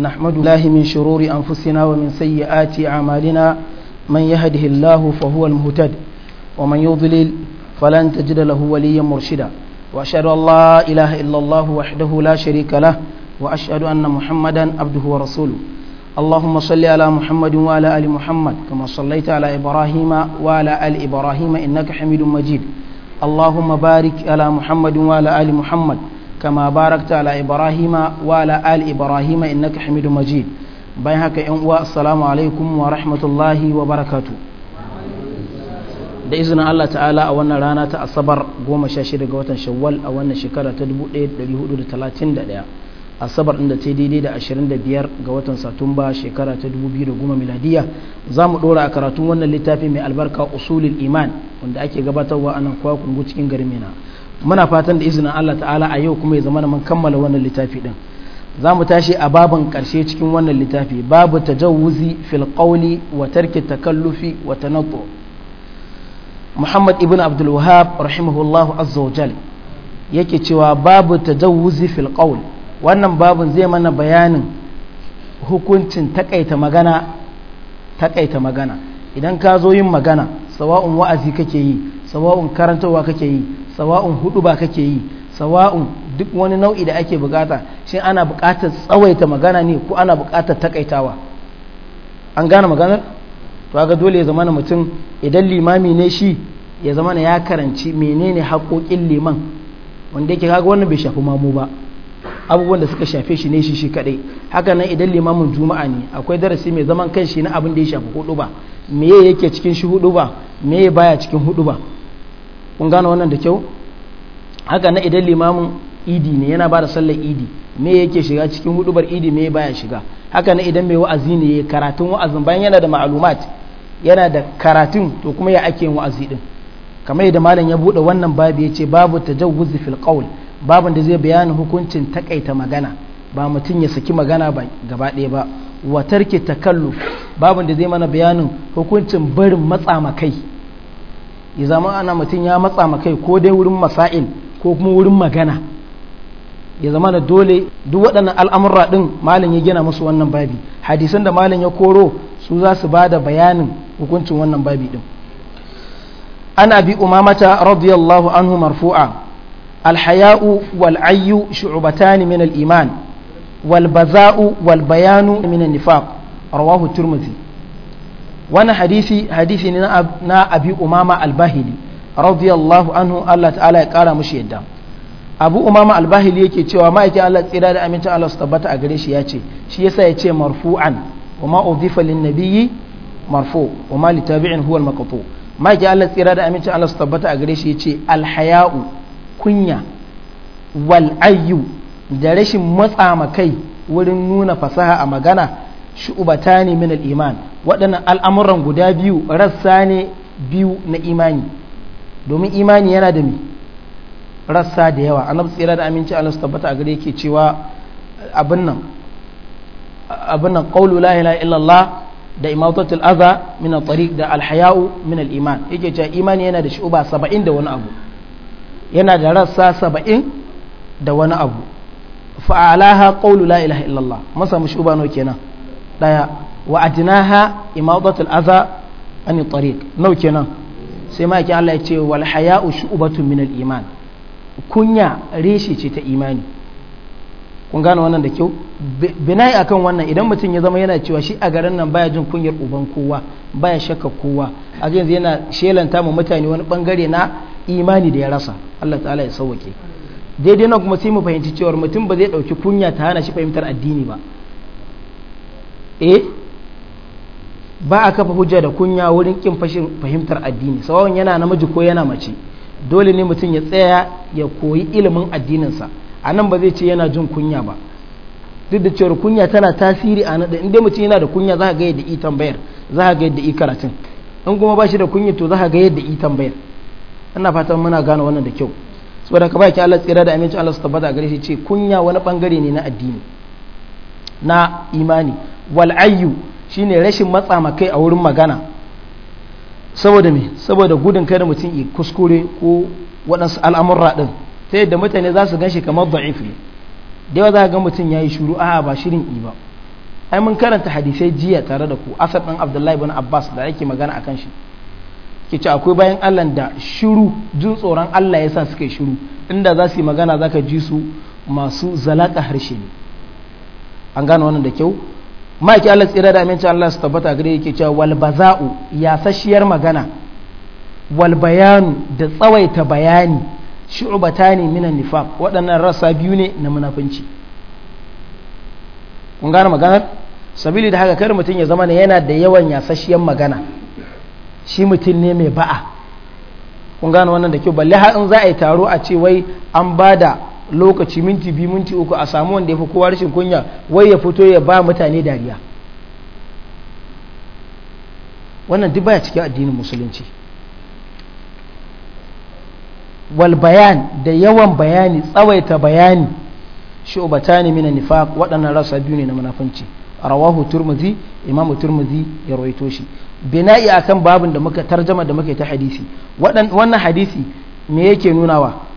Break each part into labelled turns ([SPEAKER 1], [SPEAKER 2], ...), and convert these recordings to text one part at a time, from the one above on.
[SPEAKER 1] نحمد الله من شرور أنفسنا ومن سيئات أعمالنا من يهده الله فهو المهتد ومن يضلل فلن تجد له وليا مرشدا وأشهد أن لا إله إلا الله وحده لا شريك له وأشهد أن محمدا عبده ورسوله اللهم صل على محمد وعلى آل محمد كما صليت على إبراهيم وعلى آل إبراهيم إنك حميد مجيد اللهم بارك على محمد وعلى آل محمد كما باركت على إبراهيم وعلى آل إبراهيم إنك حميد مجيد bayan haka yan uwa assalamu alaikum wa rahmatullahi wa barakatu da izinin Allah ta'ala a wannan rana ta asabar 16 ga watan shawwal a wannan shekara ta 1431 asabar inda ta daidai da 25 ga watan satumba shekara ta 2010 miladiya za mu dora a karatun wannan littafi mai albarka usulul iman wanda ake gabatarwa a nan kwakun cikin garin mina muna fatan da izinin Allah ta'ala a yau kuma ya zama mun kammala wannan littafi din za mu tashi a babin karshe cikin wannan littafi babu tajawuzi fil qawli wa tarki takallufi wa tanattu Muhammad ibn Abdul Wahhab rahimahullahu azza wa jal yake cewa babu tajawuzi fil qawl wannan babun zai mana bayanin hukuncin takaita magana takaita magana idan ka zo yin magana sawa'un wa'azi kake yi sawa'un karantarwa kake yi sawa'un hudu ba kake yi sawa'un duk wani nau'i da ake bukata shi ana bukatar tsawaita magana ne ko ana bukatar takaitawa an gane maganar to ga dole ya zama na mutum idan limami ne shi ya zama na ya karanci menene haƙoƙin liman wanda yake kaga wannan bai shafi mamu ba abubuwan da suka shafe shi ne shi shi kadai haka nan idan limamin juma'a ne akwai darasi mai zaman kanshi na abin da ya shafi hudu ba me yake cikin shi hudu ba me baya cikin hudu ba kun gano wannan da kyau haka na idan limamin idi ne yana ba da sallar idi me yake shiga cikin hudubar idi me baya shiga haka na idan mai wa'azi ne ya karatun wa'azin bayan yana da ma'alumat yana da karatun to kuma ya ake wa'azi din kamar yadda malam ya bude wannan babu ya ce babu tajawuz fil qawl babun da zai bayani hukuncin takaita magana ba mutum ya saki magana ba gaba ɗaya ba wa tarki takalluf babun da zai mana bayanin hukuncin barin matsa kai. ya zama ana mutum ya matsa ma kai ko dai wurin masail ko kuma wurin magana ya zama da dole duk waɗannan al'amurra ɗin malam ya gina musu wannan babi hadisan da malam ya koro su za su ba da bayanin hukuncin wannan babi ɗin ana bi umamata radiyallahu anhu marfu'a alhaya'u wal ayyu shu'ubatani min al-iman wal baza'u wal bayanu min an-nifaq rawahu tirmidhi wani hadisi hadisi ne na abi umama albahili radiyallahu anhu Allah ta'ala ya kara mushi yadda abu umama albahili yake cewa ma'aikin Allah tsira da amincin Allah su tabbata a gare shi ya ce shi yasa ya ce marfu'an kuma udifa lin nabiyyi marfu kuma li tabi'in huwa al-maqtu ma'aikin Allah tsira da amincin Allah su tabbata a gare shi ya ce alhaya'u kunya wal ayyu da rashin matsa kai wurin nuna fasaha a magana shu'batani min al-iman waɗannan al'amuran guda biyu rassa ne biyu na imani domin imani yana da mi rassa da yawa annabi tsira da aminci Allah su tabbata a gare yake cewa abin nan abin nan qawlu la ilaha illallah da imatatul adha min at-tariq da al-haya'u min al-iman yake cewa imani yana da shu'ba 70 da wani abu yana da rassa 70 da wani abu fa'alaha qawlu la ilaha illallah masa mushuba no kenan daya wa adnaha imadatul adha ani tariq nau kenan sai ma yake Allah ya ce wal haya'u shu'batun min al iman kunya reshe ce ta imani kun gane wannan da kyau binai akan wannan idan mutum ya zama yana cewa shi a garin nan baya jin kunyar uban kowa baya shakka kowa a yanzu yana shelanta mu mutane wani bangare na imani da ya rasa Allah ta'ala ya sauwake daidai nan kuma sai mu fahimci cewa mutum ba zai dauki kunya ta hana shi fahimtar addini ba E ba a kafa hujja da kunya wurin kin fahimtar addini sawon yana namiji ko yana mace dole ne mutum ya tsaya ya koyi ilimin addininsa a nan ba zai ce yana jin kunya ba duk da cewar kunya tana tasiri a nan inda mutum yana da kunya za ga yadda i tambayar za ga yadda i karatun in kuma ba shi da kunya to za ga yadda i tambayar ina fatan muna gane wannan da kyau saboda ka baki Allah tsira da aminci Allah su tabbata a gare shi ce kunya wani bangare ne na addini na imani wal'ayyu ne rashin matsa makai a wurin magana saboda me saboda gudun kada mutum ya kuskure ko waɗansu al'amurra ɗin ta yadda mutane za su gan shi kamar da'if ne da yawa za ga mutum ya yi shuru a ba shirin i ba ai mun karanta hadisai jiya tare da ku asar ɗan abdullahi bin abbas da ake magana akan shi ke ce akwai bayan allah da shiru jin tsoron allah ya sa suka yi shiru inda za su yi magana za ka ji su masu zalaka harshe ne an gane wannan da kyau ma'aiki Allah tsira da amincin Allah su tabbata gare yake cewa wal baza'u yasasshiyar magana walbayanu da tsawaita bayani shu'batani minan nifaq waɗannan rasa biyu ne na munafunci kun gane maganar sabili da haka kar mutum ya zama ne yana da yawan yasasshiyar magana shi mutum ne mai ba'a kun gane wannan da kyau balle har in za a yi taro a ce wai an ba da lokaci minti biyu minti uku a samu wanda ya fi kowa rashin kunya wai ya fito ya ba mutane dariya wannan duk baya cikin addinin musulunci wal bayan da yawan bayani tsawaita bayani shubata ne mina nifaq waɗannan rasa biyu ne na munafunci rawahu turmuzi imamu turmuzi ya rawaito shi bina'i akan babin da muka tarjama da muka ta hadisi wannan hadisi me yake nunawa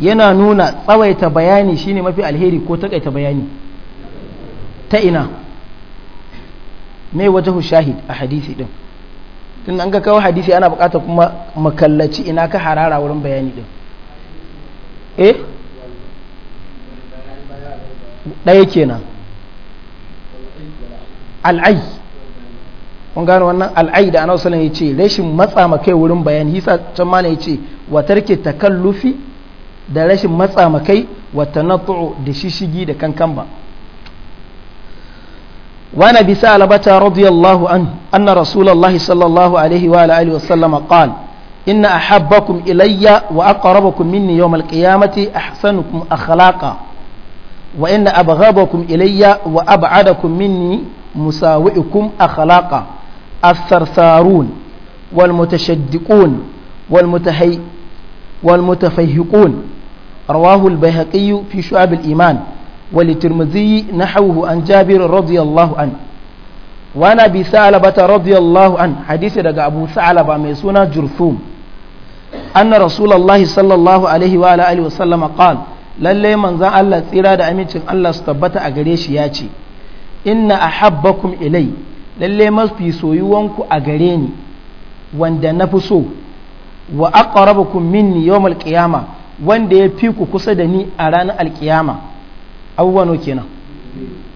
[SPEAKER 1] yana nuna tsawaita bayani shine mafi alheri ko takaita bayani ta ina mai wajahu shahid a hadisi din tun an ga kawo hadisi ana bukata kuma makallaci ina ka harara wurin bayani din eh ɗaya kenan al'ai kun gano wannan al'ai da ana wasu ya ce rashin matsa makai wurin bayani hisa can ma ya ce watarke takallufi da rashin matsa makai wata na da shishigi da kankan ba wani bisa alabata radiyallahu an anna rasulallahi sallallahu alaihi wa alihi wa sallam qal inna ahabbakum ilayya wa aqrabakum minni yawm alqiyamati ahsanukum akhlaqa wa inna abghadakum ilayya wa ab'adakum minni musawi'ukum akhlaqa as-sarsarun wal mutashaddiqun wal mutahay wal رواه البيهقي في شعب الإيمان ولترمذي نحوه عن جابر رضي الله عنه وأنا أبي ثعلبة رضي الله عنه حديث دقى أبو ثعلبة ميسونا جرثوم أن رسول الله صلى الله عليه وعلى آله وسلم قال للي من ذا الله تيرا دا أميتك الله استبت أغريش ياتي إن أحبكم إلي للي ما في سويوانكو أغريني وان دا نفسو وأقربكم مني يوم القيامة wanda ya fi ku kusa da ni a ranar alkiyama abubuwa no kenan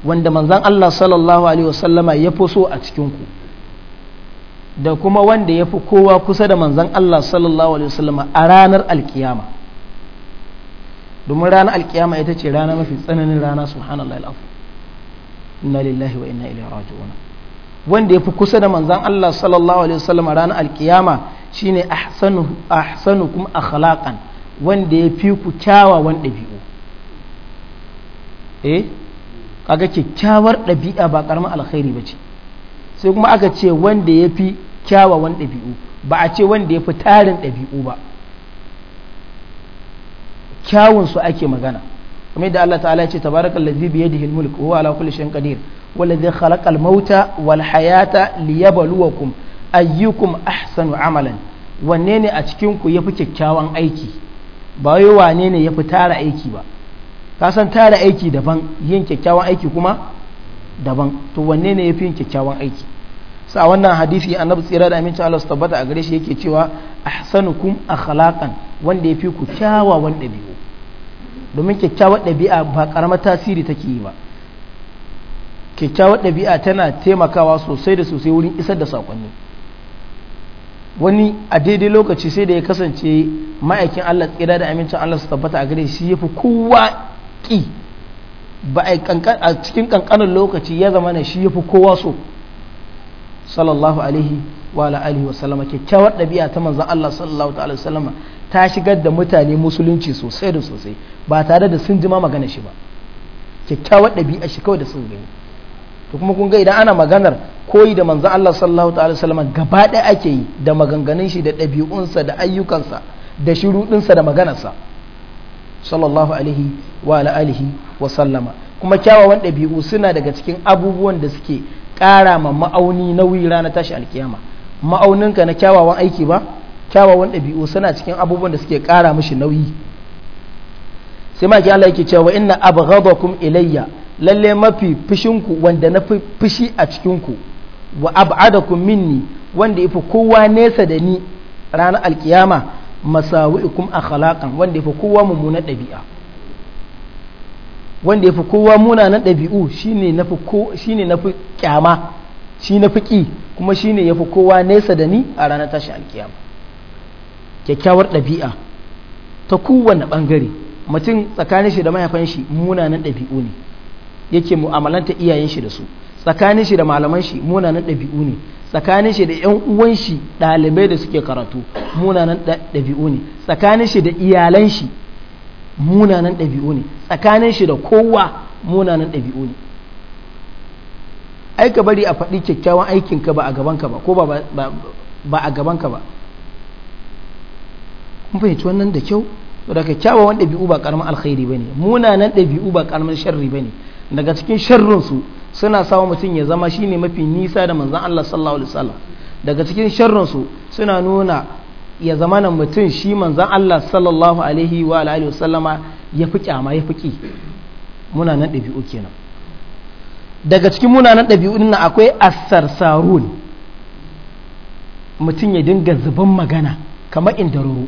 [SPEAKER 1] wanda manzan Allah sallallahu alaihi wasallama ya fi so a cikinku da kuma wanda ya fi kowa kusa da manzan Allah sallallahu alaihi wasallama a ranar alkiyama domin ranar alkiyama ita ce rana mafi tsananin rana subhanallah al'afu inna lillahi wa inna ilaihi raji'un wanda ya fi kusa da manzan Allah sallallahu alaihi wasallama ranar alkiyama shine ahsanu ahsanukum akhlaqan wanda ya fi ku kyawawan ɗabi'u eh kaga kyakkyawar ɗabi'a ba ƙaramin alkhairi ba ce sai kuma aka ce wanda ya fi kyawawan ɗabi'u ba a ce wanda ya fi tarin ɗabi'u ba kyawunsu ake magana kamar yadda Allah ta'ala ce tabarakal ladzi bi yadihi al-mulk huwa ala kulli shay'in qadir والذي خلق الموت والحياة ayyukum ahsanu amalan wanne ne a cikinku ya fi kyakkyawan aiki ba yi wane ne ya fi tara aiki ba ka tara aiki daban yin kyakkyawan aiki kuma daban to wanne ne ya fi yin kyakkyawan aiki sa wannan hadisi annabi tsira da amincin Allah su tabbata a gare shi yake cewa ahsanukum akhlaqan wanda ya fi ku kyawawan ɗabi'u domin kyakkyawar ɗabi'a ba karamar tasiri take yi ba kyakkyawar ɗabi'a tana taimakawa sosai da sosai wurin isar da sakonni wani a daidai lokaci sai da ya kasance ma'aikin Allah tsira da amincin Allah su tabbata a gare shi ya fi kowa ki ba a cikin kankanin lokaci ya zama ne shi ya fi kowa so sallallahu alaihi wa alihi wa sallama kyakkyawar ɗabi'a ta manzon Allah sallallahu ta'ala sallama ta shigar da mutane musulunci sosai da sosai ba tare da sun jima magana shi ba kyakkyawar ɗabi'a shi kawai da sun gani to kuma kun ga idan ana maganar koyi da manzo Allah sallallahu ta'ala sallama gaba ɗaya ake yi da maganganun shi da ɗabi'unsa da ayyukansa da shiruɗinsa da maganarsa sallallahu alaihi wa alihi wa sallama kuma kyawawan ɗabi'u suna daga cikin abubuwan da suke ƙara ma ma'auni nauyi ranar tashi alkiyama ma'auninka na kyawawan aiki ba kyawawan ɗabi'u suna cikin abubuwan da suke ƙara mishi nauyi sai ma Allah yake cewa inna abghadakum ilayya lalle mafi fushinku wanda na fushi a cikinku wa ab'adakum minni wanda ifa kowa nesa da ni ranar alkiyama masawi'ikum akhlaqan wanda ifa kowa mummunan ɗabi'a wanda ifa kowa munanan ɗabi'u shine nafi ko shine nafi kyama shi nafi ki kuma shine yafi kowa nesa da ni a ranar tashi alkiyama kyakkyawar ɗabi'a ta kowane bangare mutum tsakanin shi da mahaifan shi munanan ɗabi'u ne yake mu'amalanta iyayen shi da su tsakanin shi da malaman shi munanan ɗabi'u ne tsakanin shi da ƴan uwan shi ɗalibai da suke karatu munanan ɗabi'u ne tsakanin shi da iyalan shi munanan ɗabi'u ne tsakanin shi da kowa munanan ɗabi'u ne ai ka bari a faɗi kyakkyawan aikinka ba a gabanka ba ko ba a gabanka ba kun fahimci wannan da kyau da kyakkyawan ɗabi'u ba ƙaramin alkhairi ba ne munanan ɗabi'u ba ƙaramin sharri ba ne daga cikin sharrinsu suna sawa mutum ya zama shine mafi nisa da manzan Allah sallallahu alaihi wasallam daga cikin su suna nuna ya zama na mutum shi manzan Allah sallallahu alaihi wa alihi wasallama ya fi kyama ya fi Muna nan ɗabi'u kenan daga cikin munanan ɗabi'u nan akwai asarsarun mutum ya dinga zuban magana kamar indaruru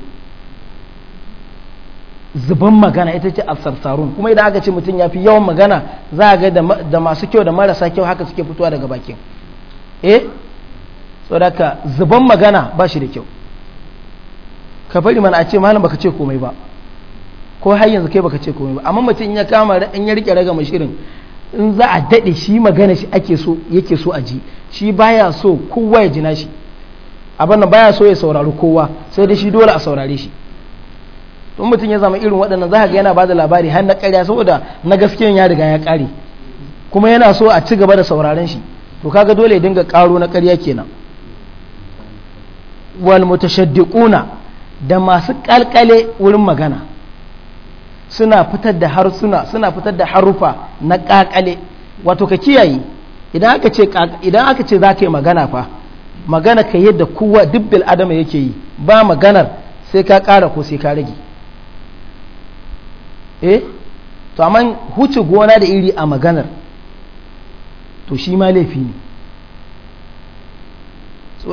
[SPEAKER 1] zuban magana ita ce asarsarun kuma idan aka ce mutum ya fi yawan magana za a ga da masu kyau da marasa kyau haka suke fitowa daga bakin eh saboda zuban magana ba shi da kyau ka bari mana a ce malam baka ce komai ba ko har yanzu kai baka ce komai ba amma mutum ya kama in ya rike raga shirin in za a daɗe shi magana shi ake so yake so a ji shi baya so kowa ya jina shi abin nan baya so ya saurari kowa sai da shi dole a saurare shi in mutum ya zama irin waɗannan za ga yana ba da labari har na ƙarya saboda na gaskiyan ya riga ya ƙare kuma yana so a ci gaba da sauraron shi to kaga dole ya dinga ƙaro na ƙarya kenan wal mutashaddiquna da masu ƙalƙale wurin magana suna fitar da harsuna suna fitar da harufa na ƙaƙale wato ka kiyaye idan aka ce idan aka ce za yi magana fa magana ka yadda kowa duk adama yake yi ba maganar sai ka ƙara ko sai ka rage eh to amma huce gona da iri a maganar to shi ma laifi ne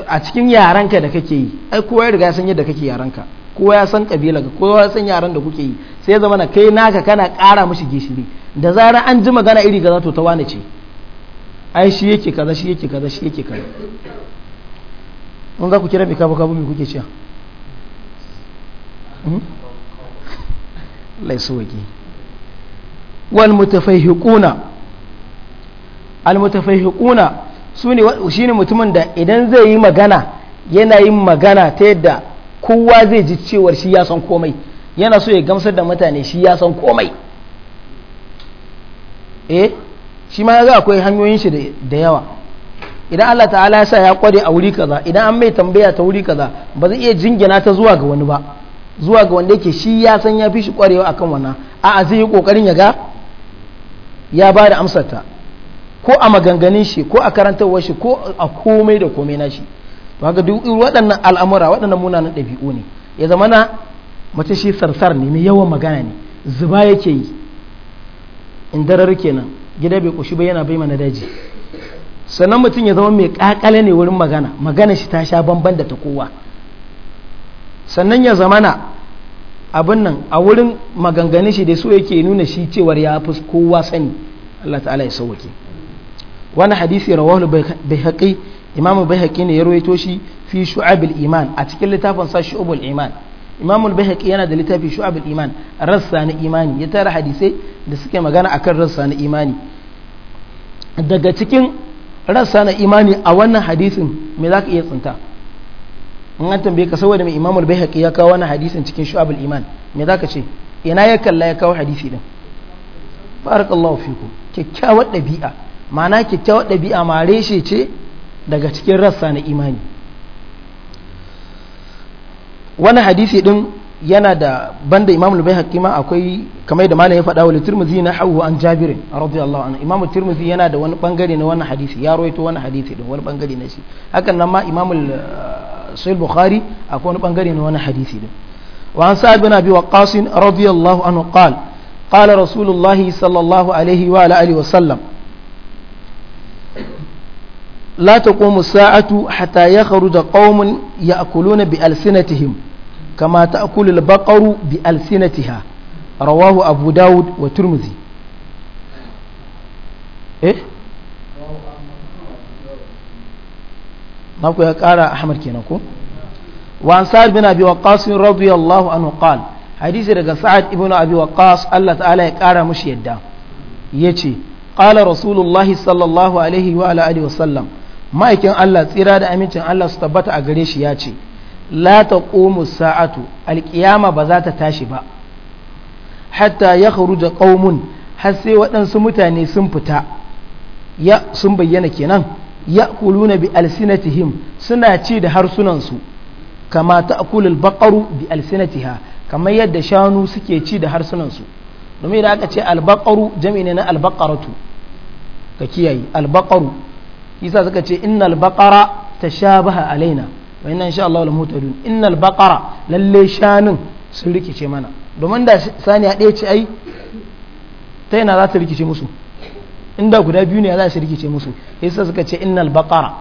[SPEAKER 1] a cikin yaranka da kake yi ai kowa ya riga ya san yadda kake yaranka kowa ya san kabila ka kowa ya san yaran da kuke yi sai ya zama na kai naka kana ƙara mishi gishiri da zarar an ji magana iri ga to ta wane ce ai shi yake kaza shi yake kaza shi yake kaza mun za ku kira mai kabu kabu mai kuke cewa hmm? laisuwaki wal mutafaihiquna al mutafaihiquna sune shine mutumin da idan zai yi magana yana yin magana ta yadda kowa zai ji cewar shi ya san komai yana so ya gamsar da mutane shi ya san komai eh shi ma ga akwai hanyoyin shi da yawa idan Allah ta'ala ya sa ya kware a wuri kaza idan an mai tambaya ta wuri kaza ba zai iya jingina ta zuwa ga wani ba zuwa ga wanda yake shi ya san ya fi shi kwarewa akan wannan a'a zai yi kokarin ya ga ya ba da amsarta ko a maganganun shi ko a karantarwar shi ko a komai da komai na shi to haka duk waɗannan al'amura waɗannan munanan ɗabi'u ne ya zama na mace shi sarsar ne mai yawan magana ne zuba yake yi in darar kenan gida bai ƙushi ba yana bai mana daji sannan mutum ya zama mai ƙaƙale ne wurin magana magana shi ta sha bamban da ta kowa sannan ya zamana abin nan a wurin maganganun shi da su yake nuna shi cewar ya fi kowa sani Allah ta'ala ya sauwake wani hadisi rawahu bai imamu bai ne ya rawaito shi fi shu'abil iman a cikin littafin sa shu'abul iman imamu bai yana da littafi shu'abul iman rassa na imani ya tara hadisai da suke magana akan rassa na imani daga cikin rassa na imani a wannan hadisin me zaka iya tsinta in an tambaye ka saboda mai imamul baihaqi ya kawo wani hadisin cikin shu'abul iman me za ka ce ina ya kalla ya kawo hadisi din barakallahu fiku kyakkyawar ɗabi'a ma'ana kyakkyawar ɗabi'a ma reshe ce daga cikin rassa na imani wani hadisi din yana da banda imam al haƙi ma akwai kamar da malam ya faɗa wa tirmidhi na hawu an jabir radiyallahu anhu imam tirmidhi yana da wani bangare na wannan hadisi ya rawaito wani hadisi din wani bangare na shi hakan nan ma imam sai bukhari a wani bangare na wani hadisi din wa an sa'ad bin abi waqqas radiyallahu anhu qal qala rasulullahi sallallahu alaihi wa ala alihi wa sallam la taqumu sa'atu hatta yakhruja qaumun ya'kuluna bi him kama ta'kulu albaqaru bi alsinatiha rawahu abu dawud wa tirmidhi eh? na ku ya ƙara ahmad kenan ko wa an sa'ad bin abi waqqas radiyallahu anhu qala hadisi daga sa'ad ibn abi waqqas Allah ta'ala ya ƙara mushi yadda yace qala rasulullahi sallallahu alaihi wa ala ma'aikin Allah tsira da amincin Allah su tabbata a gare shi ce la taqumu sa'atu alqiyama ba za ta tashi ba hatta yakhruja qaumun har sai waɗansu mutane sun fita ya sun bayyana kenan ya'kuluna bi alsinatihim suna ci da harsunansu kama akulul baqaru bi alsinatiha kamar yadda shanu suke ci da harsunansu domin da aka ce albaqaru jami ne na albaqaratu ka kiyaye albaqaru yasa suka ce innal baqara tashabaha alaina wa inna insha Allah lamuhtadun innal baqara lalle shanun sun rikice mana domin da saniya ɗaya ce ai ta yana za ta rikice musu inda guda biyu ne za su rikice musu yasa suka ce innal baqara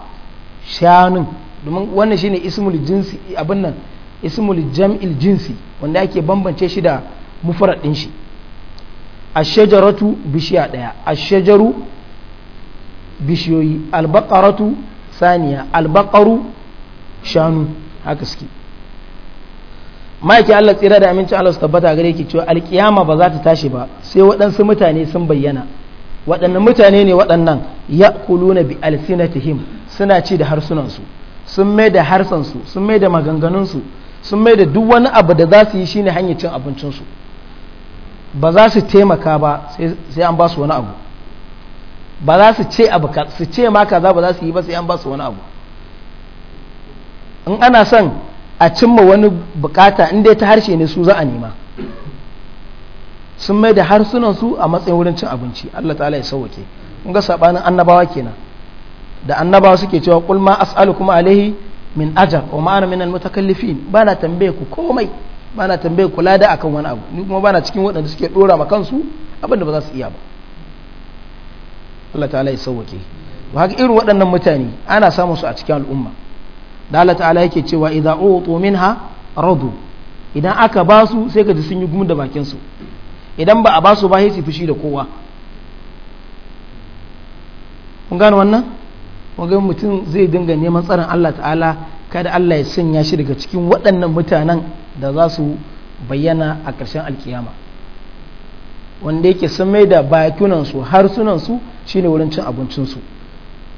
[SPEAKER 1] shanun domin wannan shine ismul jinsi abin nan ismul jam'il jinsi wanda ake bambance shi da mufrad din shi ash-shajaratu bishiya daya ash-shajaru bishiyoyi al saniya al-baqaru shanu haka suke ma'aiki Allah tsira da amincin Allah su tabbata gare ki cewa alkiyama ba za ta tashi ba sai waɗansu mutane sun bayyana waɗannan mutane ne waɗannan ya kuluna bi alsinatihim suna ci da harsunansu sun mai da harsansu sun mai da maganganunsu sun mai da duk wani abu da za su yi shine hanyar cin abincinsu ba za su taimaka ba sai an ba su wani abu ba za su ce abu ka su ce ma kaza ba za su yi ba sai an ba su wani abu in ana son a cimma wani bukata in dai ta harshe ne su za a nema sun mai da harsunan su a matsayin wurin cin abinci Allah ta'ala ya sauwake kun ga sabanin annabawa kenan da annabawa suke cewa qul ma as'alukum alaihi min ajar wa ma'ana min almutakallifin bana tambaye ku komai bana tambaye ku lada akan wani abu ni kuma bana cikin waɗanda suke dora ma kansu abinda ba za su iya ba Allah ta'ala ya sauwake ba haka irin waɗannan mutane ana samun su a cikin al'umma da Allah ta'ala yake cewa idza utu minha radu idan aka ba su sai ka ji sun yi gumi da bakin su idan ba a ba su ba sai su fushi da kowa kun gano wannan wagan mutum zai dinga neman tsarin Allah ta'ala kada Allah ya sanya shi daga cikin waɗannan mutanen da za su bayyana a ƙarshen alkiyama wanda yake sun mai da bakunansu harsunansu shine wurin cin abincinsu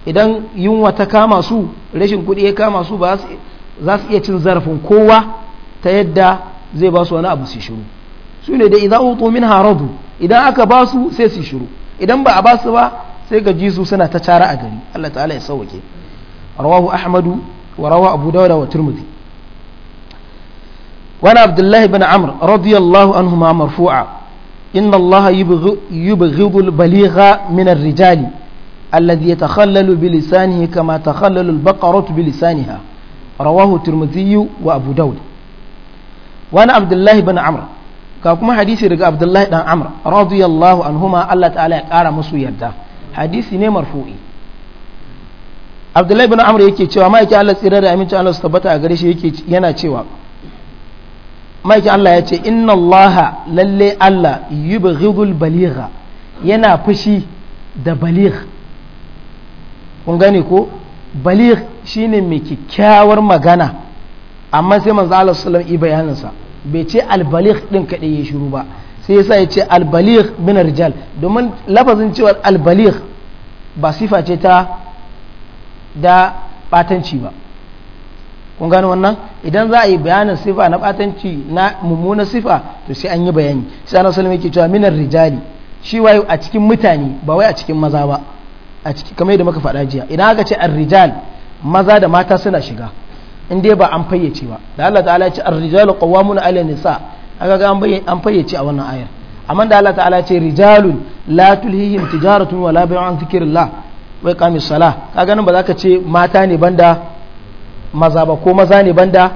[SPEAKER 1] idan yunwa ta kama su rashin kuɗi ya kama su ba za su iya cin zarafin kowa ta yadda zai ba su wani abu su shiru su ne da idan utu min haradu idan aka ba su sai su shiru idan ba a ba su ba sai ga suna ta cara a gari Allah ta'ala ya sauwake rawahu ahmadu wa rawa abu dawuda wa turmudi وعن عبد الله بن عمرو رضي الله عنهما مرفوعا إن الله يبغض البليغ من الرجال الذي يتخلل بلسانه كما تخلل البقرة بلسانها رواه الترمذي وأبو داود وعن عبد الله بن عمرو ga kuma hadisi daga abdullahi dan amr radiyallahu anhuma Allah ta'ala ya kara musu yarda hadisi ne marfu'i abdullahi bin amr yake cewa ma'aikin Allah tsira da amincin Allah su tabbata a gare shi yake yana cewa ma'aikin Allah ya ce inna Allah lalle Allah yubghidul baligha yana fushi da baligh kun gane ko baligh shine mai kyakkyawar magana amma sai manzo Allah sallallahu alaihi wasallam bayaninsa bai ce albalik ɗin kaɗai ya shiru ba sai ya sa ya ce albalik bin rijal domin lafazin cewar albalik ba sifa ce ta da batanci ba kun gano wannan idan za a yi bayanin sifa na batanci na mummunan sifa to sai an yi bayani sai an asali yake cewa minar rijali shi wayo a cikin mutane ba wai a cikin maza ba a cikin kamar yadda muka faɗa jiya idan aka ce ar rijal maza da mata suna shiga in dai ba an fayyace ba da Allah ta'ala ya ce ar-rijalu qawwamun 'ala nisa aka ga an fayyace a wannan ayar amma da Allah ta'ala ya ce rijalun la tulhihim tijaratun wala bai'un an dhikrillah wa iqamis salah kaga nan ba za ka ce mata ne banda maza ba ko maza ne banda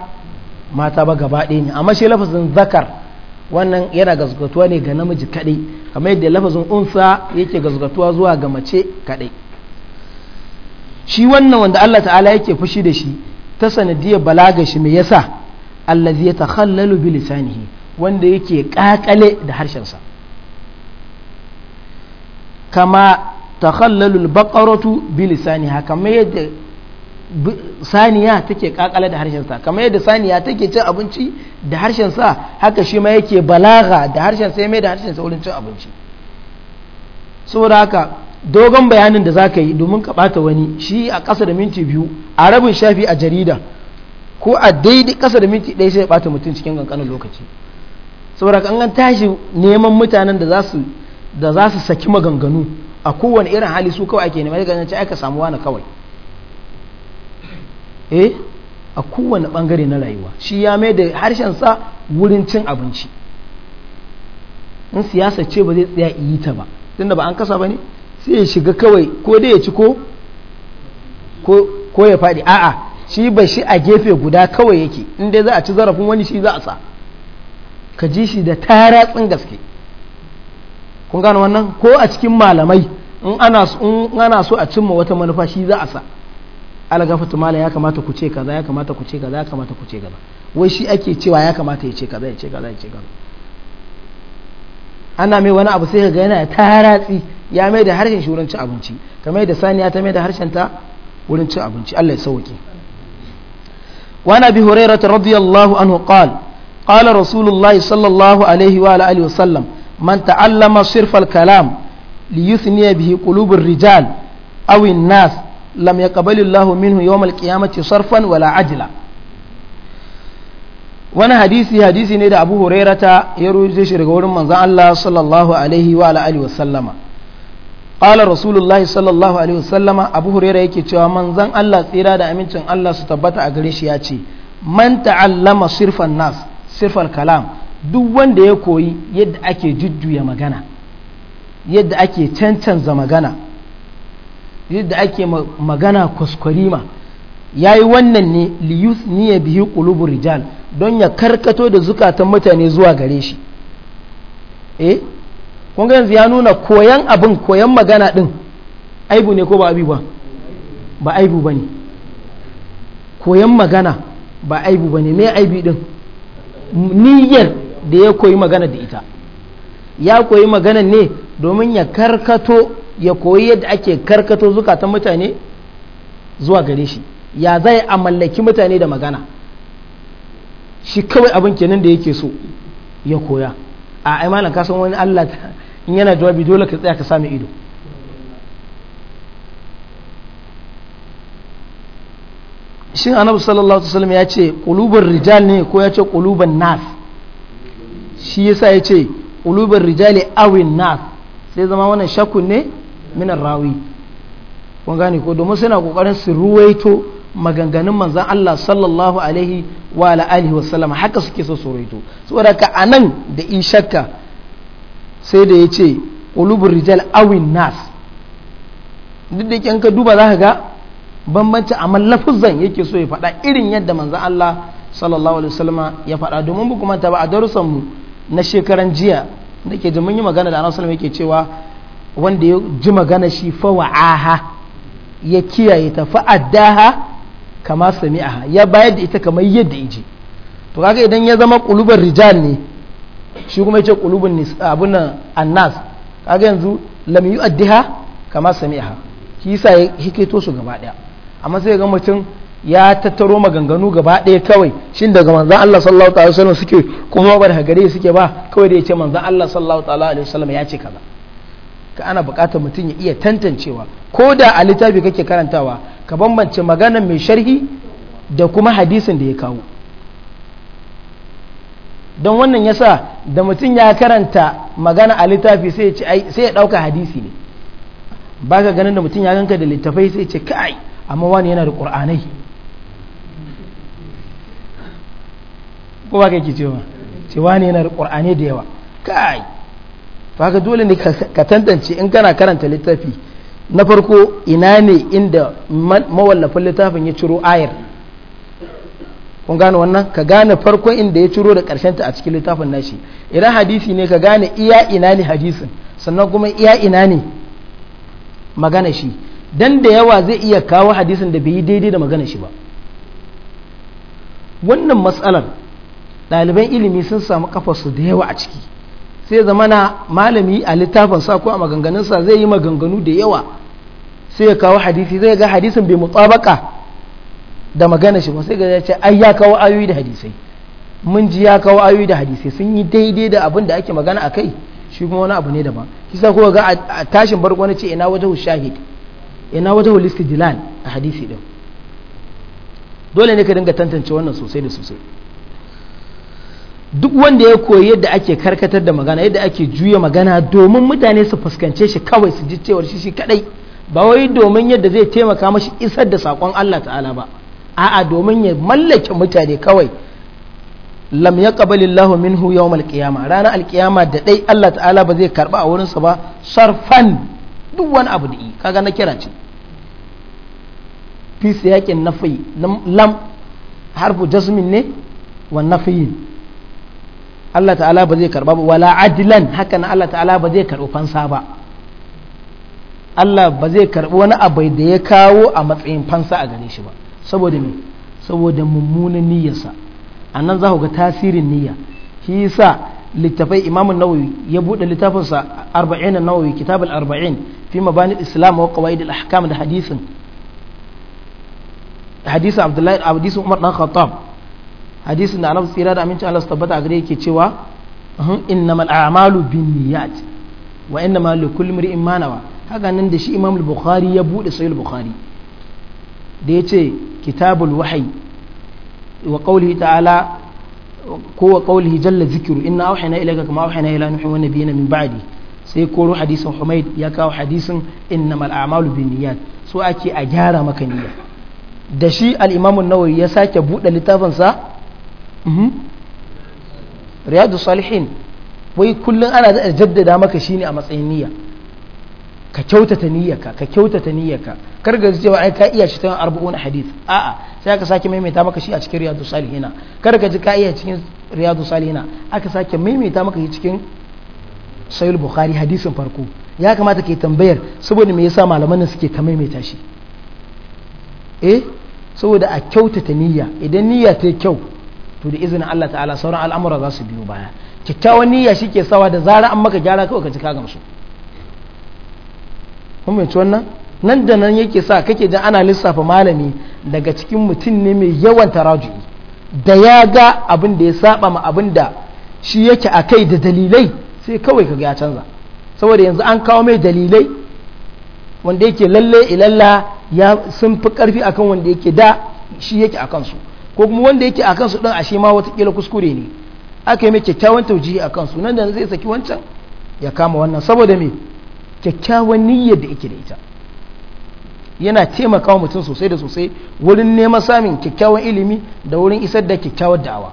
[SPEAKER 1] mata ba gaba ɗaya ne amma shi lafazin zakar wannan yana gazgatuwa ne ga namiji kaɗai kamar yadda lafazin unsa yake gazgatuwa zuwa ga mace kaɗai shi wannan wanda Allah ta'ala yake fushi da shi ta sanadiyar balaga shi me yasa allazi yatakhallalu bi lisanihi wanda yake kakale da harshensa kama takhallalu al-baqaratu bi Kama yadda saniya take kakale da harshensa kama yadda saniya take cin abinci da harshensa haka shi ma yake balaga da harshensa ya mai da harshensa wurin cin abinci saboda haka dogon bayanin da za ka yi domin ka bata wani shi a ƙasa da minti biyu a rabin shafi a jarida ko a daidai ƙasa da minti ɗaya sai bata ɓata mutum cikin ƙanƙanin lokaci saboda kan tashi neman mutanen da za su da za saki maganganu a kowane irin hali su kawai ake neman ganin ci aka samuwa na kawai eh a kowane bangare na rayuwa shi ya mai da harshen sa wurin cin abinci in siyasa ce ba zai tsaya yi ta ba tunda ba an kasa ba ne sai ya shiga kawai ko dai ya ci ko ko ya faɗi a'a shi ba shi a gefe guda kawai yake in dai za a ci zarafin wani shi za a sa ka ji shi da taratsin gaske kun gano wannan ko a cikin malamai in ana so a cimma wata manufa shi za a sa algafatu mala ya kamata ku ce kaza ya kamata ku ce kaza ya kamata ku ce kaza wai shi ake cewa ya kamata ya ce kaza ya ce kaza ya ce kaza ana mai wani abu sai ka ga yana taratsi ya mai da harshen shi wurin cin abinci kamar da saniya ta mai da harshen ta wurin cin abinci Allah ya sauke وعن ابي هريره radiyallahu anhu عنه قال قال sallallahu alaihi صلى الله عليه واله وسلم من تعلم صرف الكلام ليثني به قلوب الرجال او الناس لم يقبل minhu منه يوم القيامه صرفا ولا wani hadisi hadisi ne da abu hurairata ya rubuce shi daga wurin manzon Allah sallallahu alaihi wa alihi wa sallama qala rasulullahi sallallahu alaihi wasallama abu huraira yake cewa manzan Allah tsira da amincin Allah su tabbata a gare shi ya ce man ta'allama sirfan nas sirfal kalam duk wanda ya koyi yadda ake jujjuya magana yadda ake cancanza magana yadda ake magana kuskurima ya yi wannan ne liyus niya bihi qulubur rijal don ya karkato da zukatan mutane zuwa gare shi eh kun ga yanzu ya nuna koyan abin koyan magana din aibu ne ko ba aibu ba ba aibu ba koyan magana ba aibu ba me aibu din niyyar da ya koyi magana da ita ya koyi magana ne domin ya karkato ya koyi yadda ake karkato zukatan mutane zuwa gare shi ya zai a mallaki mutane da magana shi kawai abin kenan da yake so ya koya a imanin malam ka wani Allah in yana jawabi dole ka tsaya ka sami ido shin annabi sallallahu alaihi wasallam ya ce ƙulubar rijal ne ko ya ce ƙulubar nas shi yasa ya ce qulubur rijali awin nas sai zama wannan shakun ne minan rawi kun gane ko domin suna kokarin su ruwaito maganganun manzan Allah sallallahu alaihi wa alihi wasallam haka suke so su ruwaito saboda ka anan da in shakka sai da ya ce ƙulubun rijal awin nas duk da ka duba za ka ga bambanci amma lafuzan yake so ya faɗa irin yadda manzan Allah sallallahu alaihi wasallama ya faɗa domin bu kuma ba a darussanmu na shekaran jiya da ke mun yi magana da annabi yake cewa wanda ya ji magana shi fa wa'aha ya kiyaye ta fa addaha kama sami'aha ya bayar da ita kamar yadda iji to kaga idan ya zama ƙulubar rijal ne shi kuma yace qulubun abuna annas kaga yanzu lam yu'addiha kama sami'aha shi yasa ya hikito su gaba daya amma sai ga mutum ya tattaro maganganu gaba daya kawai shin daga manzon Allah sallallahu alaihi wasallam suke kuma ba daga gare suke ba kawai da yace manzon Allah sallallahu alaihi wasallam ya ce kaza ka ana buƙatar mutum ya iya tantancewa ko da a littafi kake karantawa ka bambance maganar mai sharhi da kuma hadisin da ya kawo don wannan yasa da mutum ya karanta magana a littafi sai ya ɗauka hadisi ne ba ka ganin da mutum ya ganka da littafai sai ce kai amma wani yana da ƙur'anai ko ba ka yake cewa ce wani yana da ƙur'anai da yawa kai ba ka dole ne ka tantance in kana karanta littafi na farko ina ne inda mawallafin littafin ya ciro ayar kun gane wannan ka gane farkon inda ya ciro da karshen ta a cikin littafin nashi idan hadisi ne ka gane iya ina ne hadisin sannan kuma iya ina ne magana shi dan da yawa zai iya kawo hadisin da bai yi daidai da magana shi ba wannan matsalar ɗaliban ilimi sun samu kafarsu da yawa a ciki sai na malami a littafin sa ko a maganganunsa zai yi maganganu da yawa sai ya kawo hadisi zai ga hadisin bai mutsabaka da magana shi ba sai ga ya ce ai ya kawo ayoyi da hadisai mun ji ya kawo ayoyi da hadisai sun yi daidai da abin da ake magana a kai shi kuma wani abu ne daban kisa kuma ga a tashin barko na ce ina wata shahid ina wata istidlal a hadisi din dole ne ka dinga tantance wannan sosai da sosai duk wanda ya koyi yadda ake karkatar da magana yadda ake juya magana domin mutane su fuskance shi kawai su ji cewar shi shi kadai ba wai domin yadda zai taimaka mashi isar da sakon Allah ta'ala ba a'a domin ya mallake mutane kawai lam ya ƙabali min hu yawon alkiyama ranar alƙiyama da ɗai Allah ta'ala ba zai karɓa a wurinsa ba sarfan duk wani abu da kaga na kira ce fi na nafi lam harfu jasmin ne wa nafiyin Allah ta'ala ba zai karɓa ba wala adilan haka na Allah ta'ala ba zai karɓi fansa ba Allah ba zai karɓi wani abai da ya kawo a matsayin fansa a gare shi ba saboda me saboda mummunan niyyarsa annan za ku ga tasirin niyya shi yasa littafai imamun nawawi ya buɗe littafinsa arba'in nawawi kitab al-arba'in fi mabani islam wa qawaid al-ahkam da hadisin hadisin abdullahi hadisin umar dan khattab hadisin da annabi tsira da amincin Allah su tabbata a gare yake cewa innamal a'malu binniyat wa innamal likulli imrin ma nawa haka nan da shi imam al-bukhari ya buɗe sahih al-bukhari da ya ce kitabul wahayi wa qawlihi ta'ala ko wa qawlihi jalla zikru inna awhayna ilayka kama awhayna ila nuhin wa min ba'di sai koro hadisin Humaid ya kawo hadisin innamal a'malu binniyat so ake a gyara maka niyya da shi al-Imam an-Nawawi ya sake buɗe littafin sa mhm, Riyadu Salihin wai kullun ana jaddada maka shine a matsayin niyya ka kyautata niyyarka ka kyautata niyyarka kar ga cewa ai ka iya shi ta arba'un hadith a'a sai aka sake maimaita maka shi a cikin riyadu salihina kar ka ji ka iya cikin riyadu salihina aka sake maimaita maka shi cikin sahih bukhari hadisin farko ya kamata yi tambayar saboda me yasa malaman suke ka maimaita shi eh saboda a kyautata niyya idan niyya ta kyau to da izinin Allah ta'ala sauran al'amura za su biyo baya kyakkyawan niyya shi ke sawa da zara an maka gyara kawai ka ji ka gamsu kun wannan nan da nan yake sa kake jin ana lissafa malami daga cikin mutum ne mai yawan taraju'i da ya ga abin da ya saba ma abin da shi yake a kai da dalilai sai kawai kaga ya canza saboda yanzu an kawo mai dalilai wanda yake lalle ilalla ya sun fi karfi akan wanda yake da shi yake a kansu ko kuma wanda yake a kansu din ashe ma watakila kuskure ne aka yi mai kyakkyawan ta'uji a kansu nan da zai saki wancan ya kama wannan saboda me kyakkyawan niyyar da yake da ita yana taimaka wa mutum sosai da sosai wurin neman samun kyakkyawan ilimi da wurin isar da kyakkyawar da'awa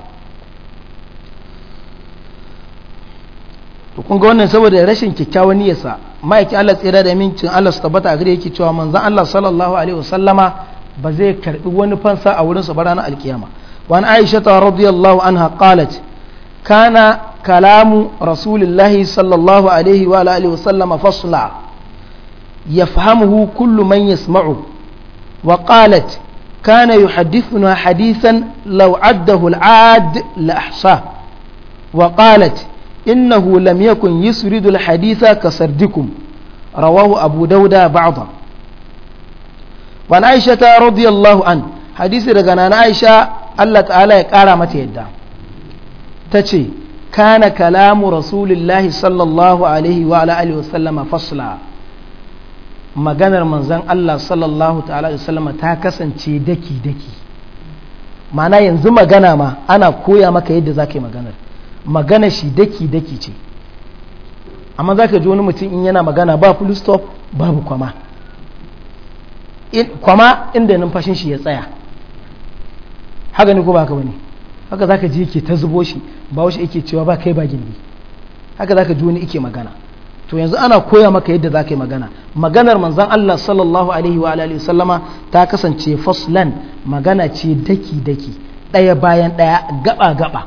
[SPEAKER 1] to kun ga wannan saboda rashin kyakkyawan niyyarsa ma'aikin Allah tsira da mincin Allah su tabbata a gare yake cewa manzan Allah sallallahu alaihi wasallama ba zai karbi wani fansa a wurin sa ba ranar alkiyama wa an Aisha radiyallahu anha qalat kana كلام رسول الله صلى الله عليه وآله وسلم فصلا يفهمه كل من يسمعه وقالت كان يحدثنا حديثا لو عده العاد لأحصاه وقالت إنه لم يكن يسرد الحديث كسردكم رواه أبو داود بعضا وعن عائشة رضي الله عنه حديث رجعنا عائشة الله تعالى يقارى متى يدى تتشي kana kalamu rasulillahi sallallahu alaihi wa alihi wa sallama fasla maganar manzon Allah sallallahu ta'ala wa sallama ta kasance daki daki ma'ana yanzu magana ma ana koya maka yadda zaka yi maganar magana shi daki daki ce amma zaka ji wani mutum in yana magana ba full stop babu kwama kwama inda numfashin shi ya tsaya haka ne ko ba haka bane haka zaka ji yake ta zubo shi ba wasu yake cewa ba kai ba gindi haka zaka ji wani yake magana to yanzu ana koya maka yadda zaka yi magana maganar manzon Allah sallallahu alaihi wa alihi sallama ta kasance faslan magana ce daki daki daya bayan daya gaba gaba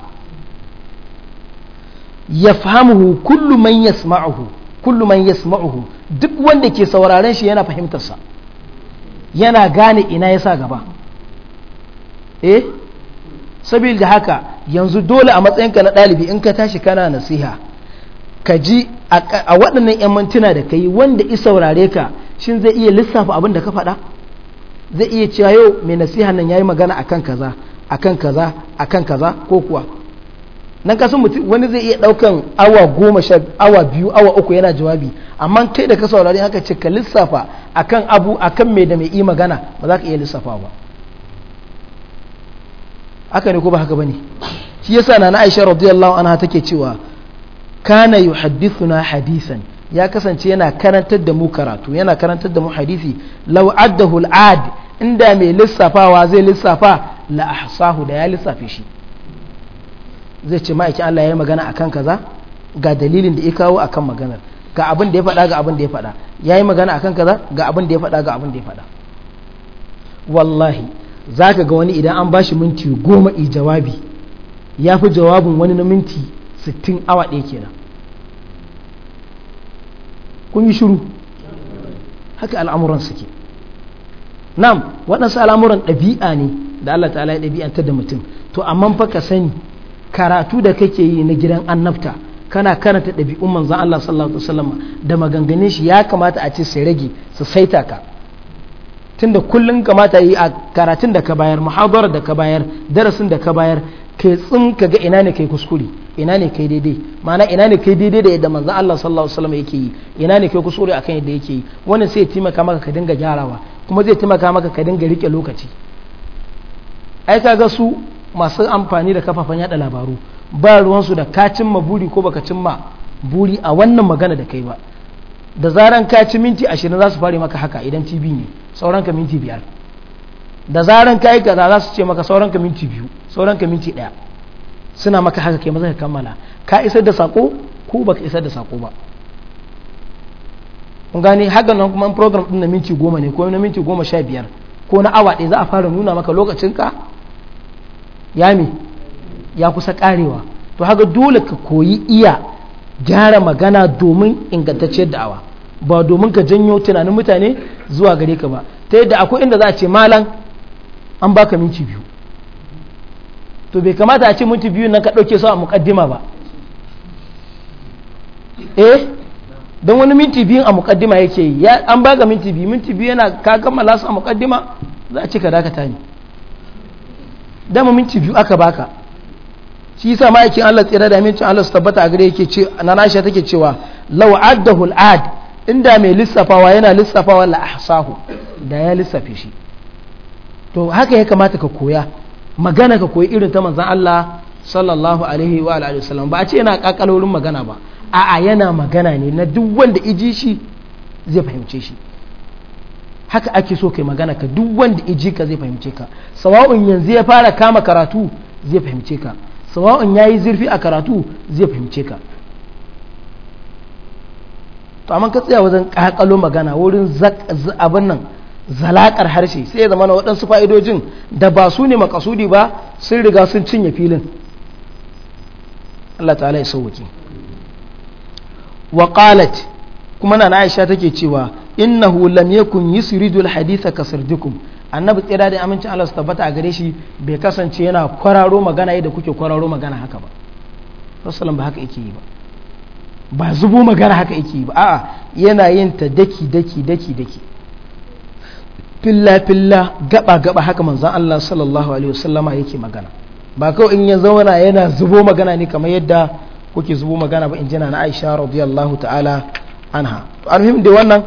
[SPEAKER 1] yafhamuhu kullu man yasma'uhu kullu man yasma'uhu duk wanda ke sauraren shi yana fahimtarsa yana gane ina yasa gaba eh sabil da haka yanzu dole a matsayinka na ɗalibi in ka tashi kana nasiha ka ji a waɗannan 'yan mantuna da ka yi wanda i saurare ka shin zai iya lissafa abin da ka faɗa zai iya cewa yau mai nasiha nan ya yi magana akan kaza akan kaza akan kaza ko kuwa nan kasan mutum wani zai iya ɗaukan awa goma sha awa biyu awa uku yana jawabi amma kai da ka saurari haka ce ka lissafa akan abu akan mai da mai yi magana ba za ka iya lissafa ba haka ne ko ba haka bane shi yasa na Aisha radiyallahu anha take cewa kana yuhaddithuna hadisan ya kasance yana karantar da mu karatu yana karantar da mu hadisi law addahu al-ad inda mai lissafawa zai lissafa la ahsahu da ya lissafe shi zai ce ma'aikin Allah ya yi magana akan kaza ga dalilin da ya kawo akan maganar ga abin da ya faɗa ga abin da ya faɗa ya yi magana akan kaza ga abin da ya faɗa ga abin da ya faɗa wallahi za ka ga wani idan an bashi minti goma i jawabi ya fi jawabin wani na minti sittin awa ɗaya kenan kun yi shiru haka al'amuran suke nam waɗansu al'amuran ɗabi'a ne da Allah ta'ala ya ɗabi'antar da mutum to amma fa ka sani karatu da kake yi na gidan annabta kana karanta ɗabi'un manzan Allah sallallahu alaihi wasallam da maganganun shi ya kamata a ce sai rage su saita ka tunda kullum kamata yi a karatun da ka bayar muhadarar da ka bayar darasin da ka bayar ke tsin ka ga ina ne kai kuskure ina ne kai daidai ma'ana ina ne kai daidai da yadda manzo Allah sallallahu alaihi wasallam yake yi ina ne kai kuskure akan yadda yake yi wannan sai ya taimaka maka ka dinga gyarawa kuma zai taimaka maka ka dinga rike lokaci ai ga su masu amfani da kafafen yada labaru ba ruwansu da ka cimma buri ko baka cimma buri a wannan magana da kai ba da zaran ka ci minti ashirin za su fare maka haka idan tv ne sauran ka minti biyar da zaran ka yi kaza za su ce maka sauran ka minti biyu sauran ka minti ɗaya suna maka haka kai maza ka kammala ka isar da sako ko baka isar da sako ba kun gani haka nan kuma program din na minti goma ne ko na minti goma sha biyar ko na awa ɗaya za a fara nuna maka lokacinka ya mi ya kusa karewa to haka dole ka koyi iya gyara magana domin ingantacciyar da'awa ba domin ka janyo tunanin mutane zuwa gare ka ba ta yadda akwai inda za a ce malam an baka minti biyu to bai kamata a ce minti biyu nan ka ɗauke su a mukaddima ba eh don wani minti biyu a mukaddima yake yi an baka minti biyu minti biyu yana ka kammala su a mukaddima za a ce ka dakata ne dama minti biyu aka baka shi yasa ma'aikin Allah tsira da amincin Allah su tabbata a gare yake ce na nashi take cewa law da ad inda mai lissafawa yana lissafawa la ahsahu da ya lissafe shi to haka ya kamata ka koya magana ka koyi irin ta manzan Allah sallallahu alaihi wa alihi wasallam ba a ce yana kakalolin magana ba a'a yana magana ne na duk wanda iji shi zai fahimce shi haka ake so kai magana ka duk wanda iji ka zai fahimce ka sawa'un yanzu ya fara kama karatu zai fahimce ka sawa'un yayi zurfi a karatu zai fahimce ka to amma ka tsaya wajen kakalo magana wurin abin nan zalakar harshe sai ya zama na waɗansu fa'idojin da ba su ne makasudi ba sun riga sun cinye filin Allah ta'ala ya sauwaki wa kuma na Aisha take cewa kun lam yakun ridul haditha ka sirdikum annabi tsira da amincin Allah su tabbata a gare shi bai kasance yana kwararo magana yadda kuke kwararo magana haka ba ba haka yake yi ba ba zubo magana haka yake ba a'a yana yin ta daki daki daki daki filla filla gaba gaba haka manzon Allah sallallahu alaihi wasallama yake magana ba kawai in ya zauna yana zubo magana ne kamar yadda kuke zubo magana ba in jina na Aisha radiyallahu ta'ala anha alhim da wannan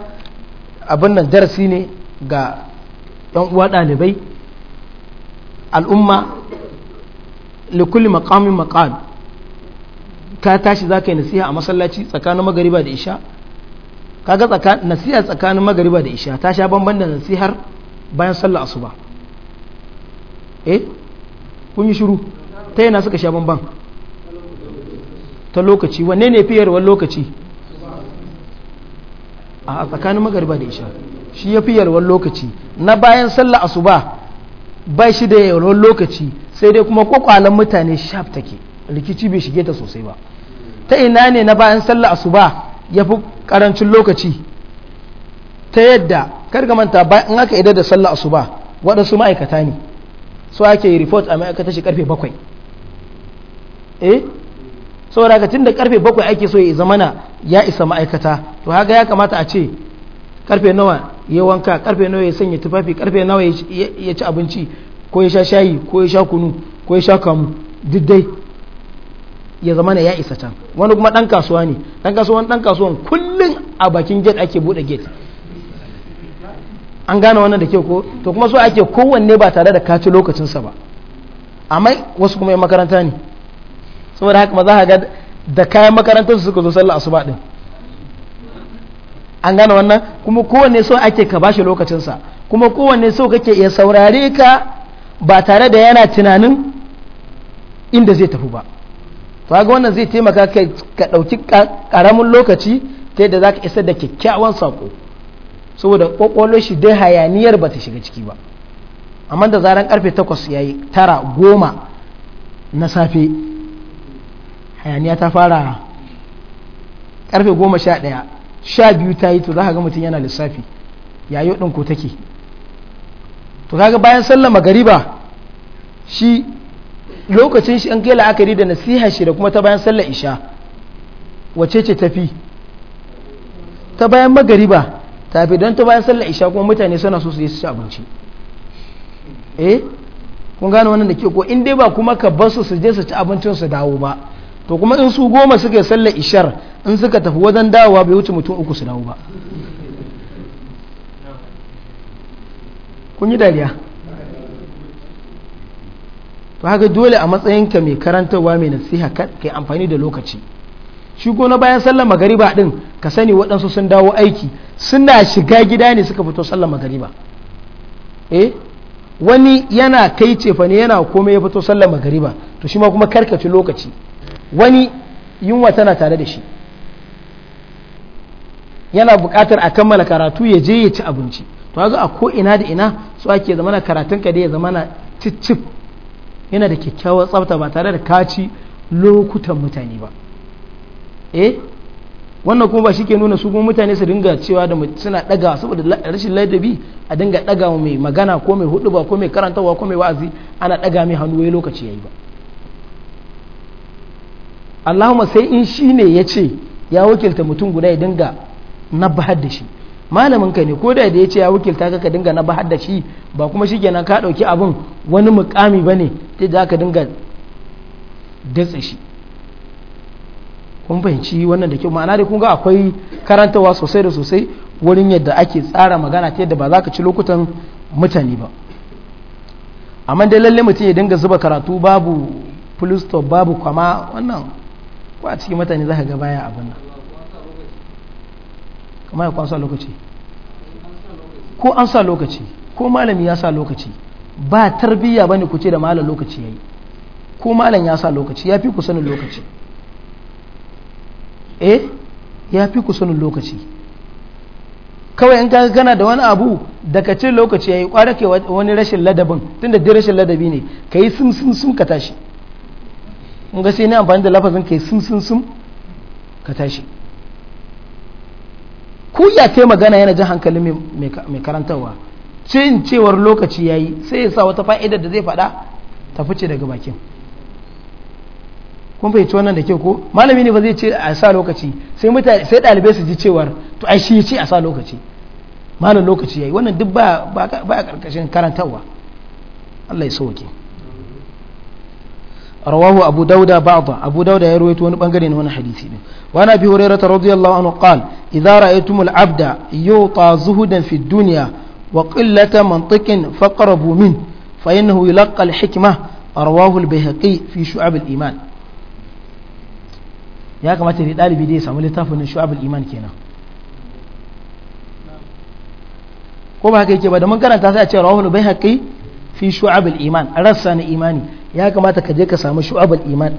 [SPEAKER 1] abin nan darasi ne ga yan uwa ɗalibai al'umma likulli maqamin maqam ka tashi za ka yi nasiha a masallaci tsakanin magariba da isha kaga nasiha tsakanin magariba da isha ta sha banban da nasihar bayan sallah ba? eh kun yi shiru ta yana suka sha bamban ta lokaci wanne ne fiyarwar lokaci a tsakanin magariba da isha shi ya fiyarwar lokaci na bayan sallah su ba bai shi da yawar lokaci sai dai kuma kwakwalan mutane shaf take rikici bai shige ta sosai ba ta ina ne na bayan sallah asuba ya fi karancin lokaci ta yadda kargamanta manta bayan aka idar da sallah asuba waɗansu ma'aikata ne su ake yi report a ma'aikata shi karfe bakwai eh saboda da karfe bakwai ake so ya zamana ya isa ma'aikata to haka ya kamata a ce karfe nawa ya wanka karfe nawa ya sanya tufafi karfe nawa ya ci abinci ko ya sha shayi ko ya sha kunu ko ya sha kamu duk dai ya zama ya isa can wani kuma dan kasuwa ne dan kasuwan dan kasuwan kullun a bakin gate ake bude gate an gane wannan da ke ko to kuma so ake kowanne ba tare da kaci lokacinsa ba amma wasu kuma yan makaranta ne saboda haka maza ga da kayan makarantar su suka zo sallar asuba din an gane wannan kuma kowanne so ake ka bashi lokacinsa kuma kowanne so kake iya saurare ka ba tare da yana tunanin inda zai tafi ba to ga wannan zai taimaka ka ɗauki ƙaramin lokaci ta yadda za ka isar da kyakkyawan saƙo saboda ƙwaƙwalo shi dai hayaniyar ba ta shiga ciki ba amma da zaran karfe takwas ya yi tara goma na safe hayaniya ta fara karfe goma sha ɗaya sha biyu ta yi to za ka ga mutum yana lissafi ya yayo ɗin ko take to kaga bayan sallama gariba shi lokacin shi an kai la'akari da nasiha shi da kuma ta bayan sallar isha wace ce tafi ta bayan magariba tafi don ta bayan sallar isha kuma mutane suna so su yi su ci abinci eh kun gane wannan da ke ko in dai ba kuma ka bar su su je su ci abincin su dawo ba to kuma in su goma suka sallar ishar in suka tafi wajen dawowa bai wuce mutum uku su dawo ba kun yi dariya to haka dole a matsayinka mai karantarwa mai nasiha kai amfani da lokaci shi na bayan sallar magariba din ka sani waɗansu sun dawo aiki suna shiga gida ne suka fito sallar magariba eh wani yana kai cefa ne yana komai ya fito sallar magariba to shi ma kuma karkace lokaci wani yunwa tana tare da shi yana buƙatar a kammala karatu ya je ya ci abinci to haka a ko ina da ina su ake zamana karatun ka da ya zamana cicif yana da kyakkyawar tsafta ba tare da kaci lokutan mutane ba eh wannan kuma ba shi ke nuna su kuma mutane su dinga cewa da suna daga saboda rashin ladabi a dinga daga mai magana ko mai ba ko mai karantarwa ko mai wa'azi ana daga mai hannu wai lokaci yayi ba Allahumma sai in shi ne ya ce ya wakilta mutum guda ya dinga na da shi malamin ka ne ko da ya ce ya wakilta ka ka dinga na bahar da shi ba kuma shi kenan ka ɗauki abun wani mukami ba ne ta da aka dinga datsa shi kun fahimci wannan da kyau ma'ana da kun ga akwai karantawa sosai da sosai wurin yadda ake tsara magana ta yadda ba za ka ci lokutan mutane ba amma dai lalle mutum ya dinga zuba karatu babu filisto babu kwama wannan ko a mutane za ka ga baya abin nan kamar ya kwansa lokaci ko an sa lokaci ko malami ya sa lokaci ba tarbiyya bane ku ce da malam lokaci yayi ko malam ya sa lokaci ya fi ku sanin lokaci eh ya fi ku sanin lokaci kawai in kaga kana da wani abu daga cin lokaci yayi kwara ke wani rashin ladabin tunda dai rashin ladabi ne kai sun sun sun ka tashi in ga sai ni amfani da lafazin kai sun sun sun ka tashi ku ya kai magana yana jin hankalin mai karantarwa cin cewar lokaci ya yi sai ya sa wata fa'idar da zai faɗa ta fice daga bakin kun fahimci wannan da ke ko malami ne ba zai ce a sa lokaci sai mutane sai ɗalibai su ji cewar to ai shi ce a sa lokaci malam lokaci ya yi wannan duk ba ba a karkashin karantarwa Allah ya sauke rawahu abu dauda ba'da abu dauda ya rawaito wani bangare na wani hadisi din wa na bi hurairah radiyallahu anhu qala idza ra'aytumul abda yuta zuhudan fi dunya وقلة منطق فقربوا منه فإنه يلقى الحكمة رواه البيهقي في شعب الإيمان ya kamata da ɗalibi samu littafin shu'abul iman kenan ko ba haka yake ba da mun karanta sai a ce rawahul baihaqi fi shu'abul iman a rassa na imani ya kamata ka je ka samu shu'abul iman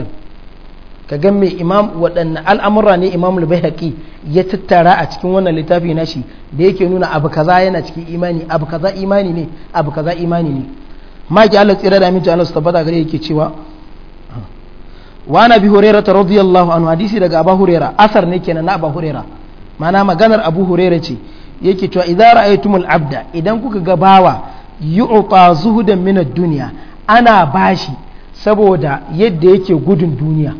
[SPEAKER 1] ka ga mai imam waɗanne al'amura ne imam al-bayhaqi ya tattara a cikin wannan littafi na shi da yake nuna abu kaza yana cikin imani abu kaza imani ne abu kaza imani ne maki Allah tsira da aminci Allah su tabbata gare yake cewa wa na bi hurairah radiyallahu an hadisi daga abu hurera asar ne kenan na abu mana maganar abu hurera ce yake cewa idza ra'aytumul abda idan kuka ga bawa yu'ta zuhudan min ad-dunya ana bashi saboda yadda yake gudun duniya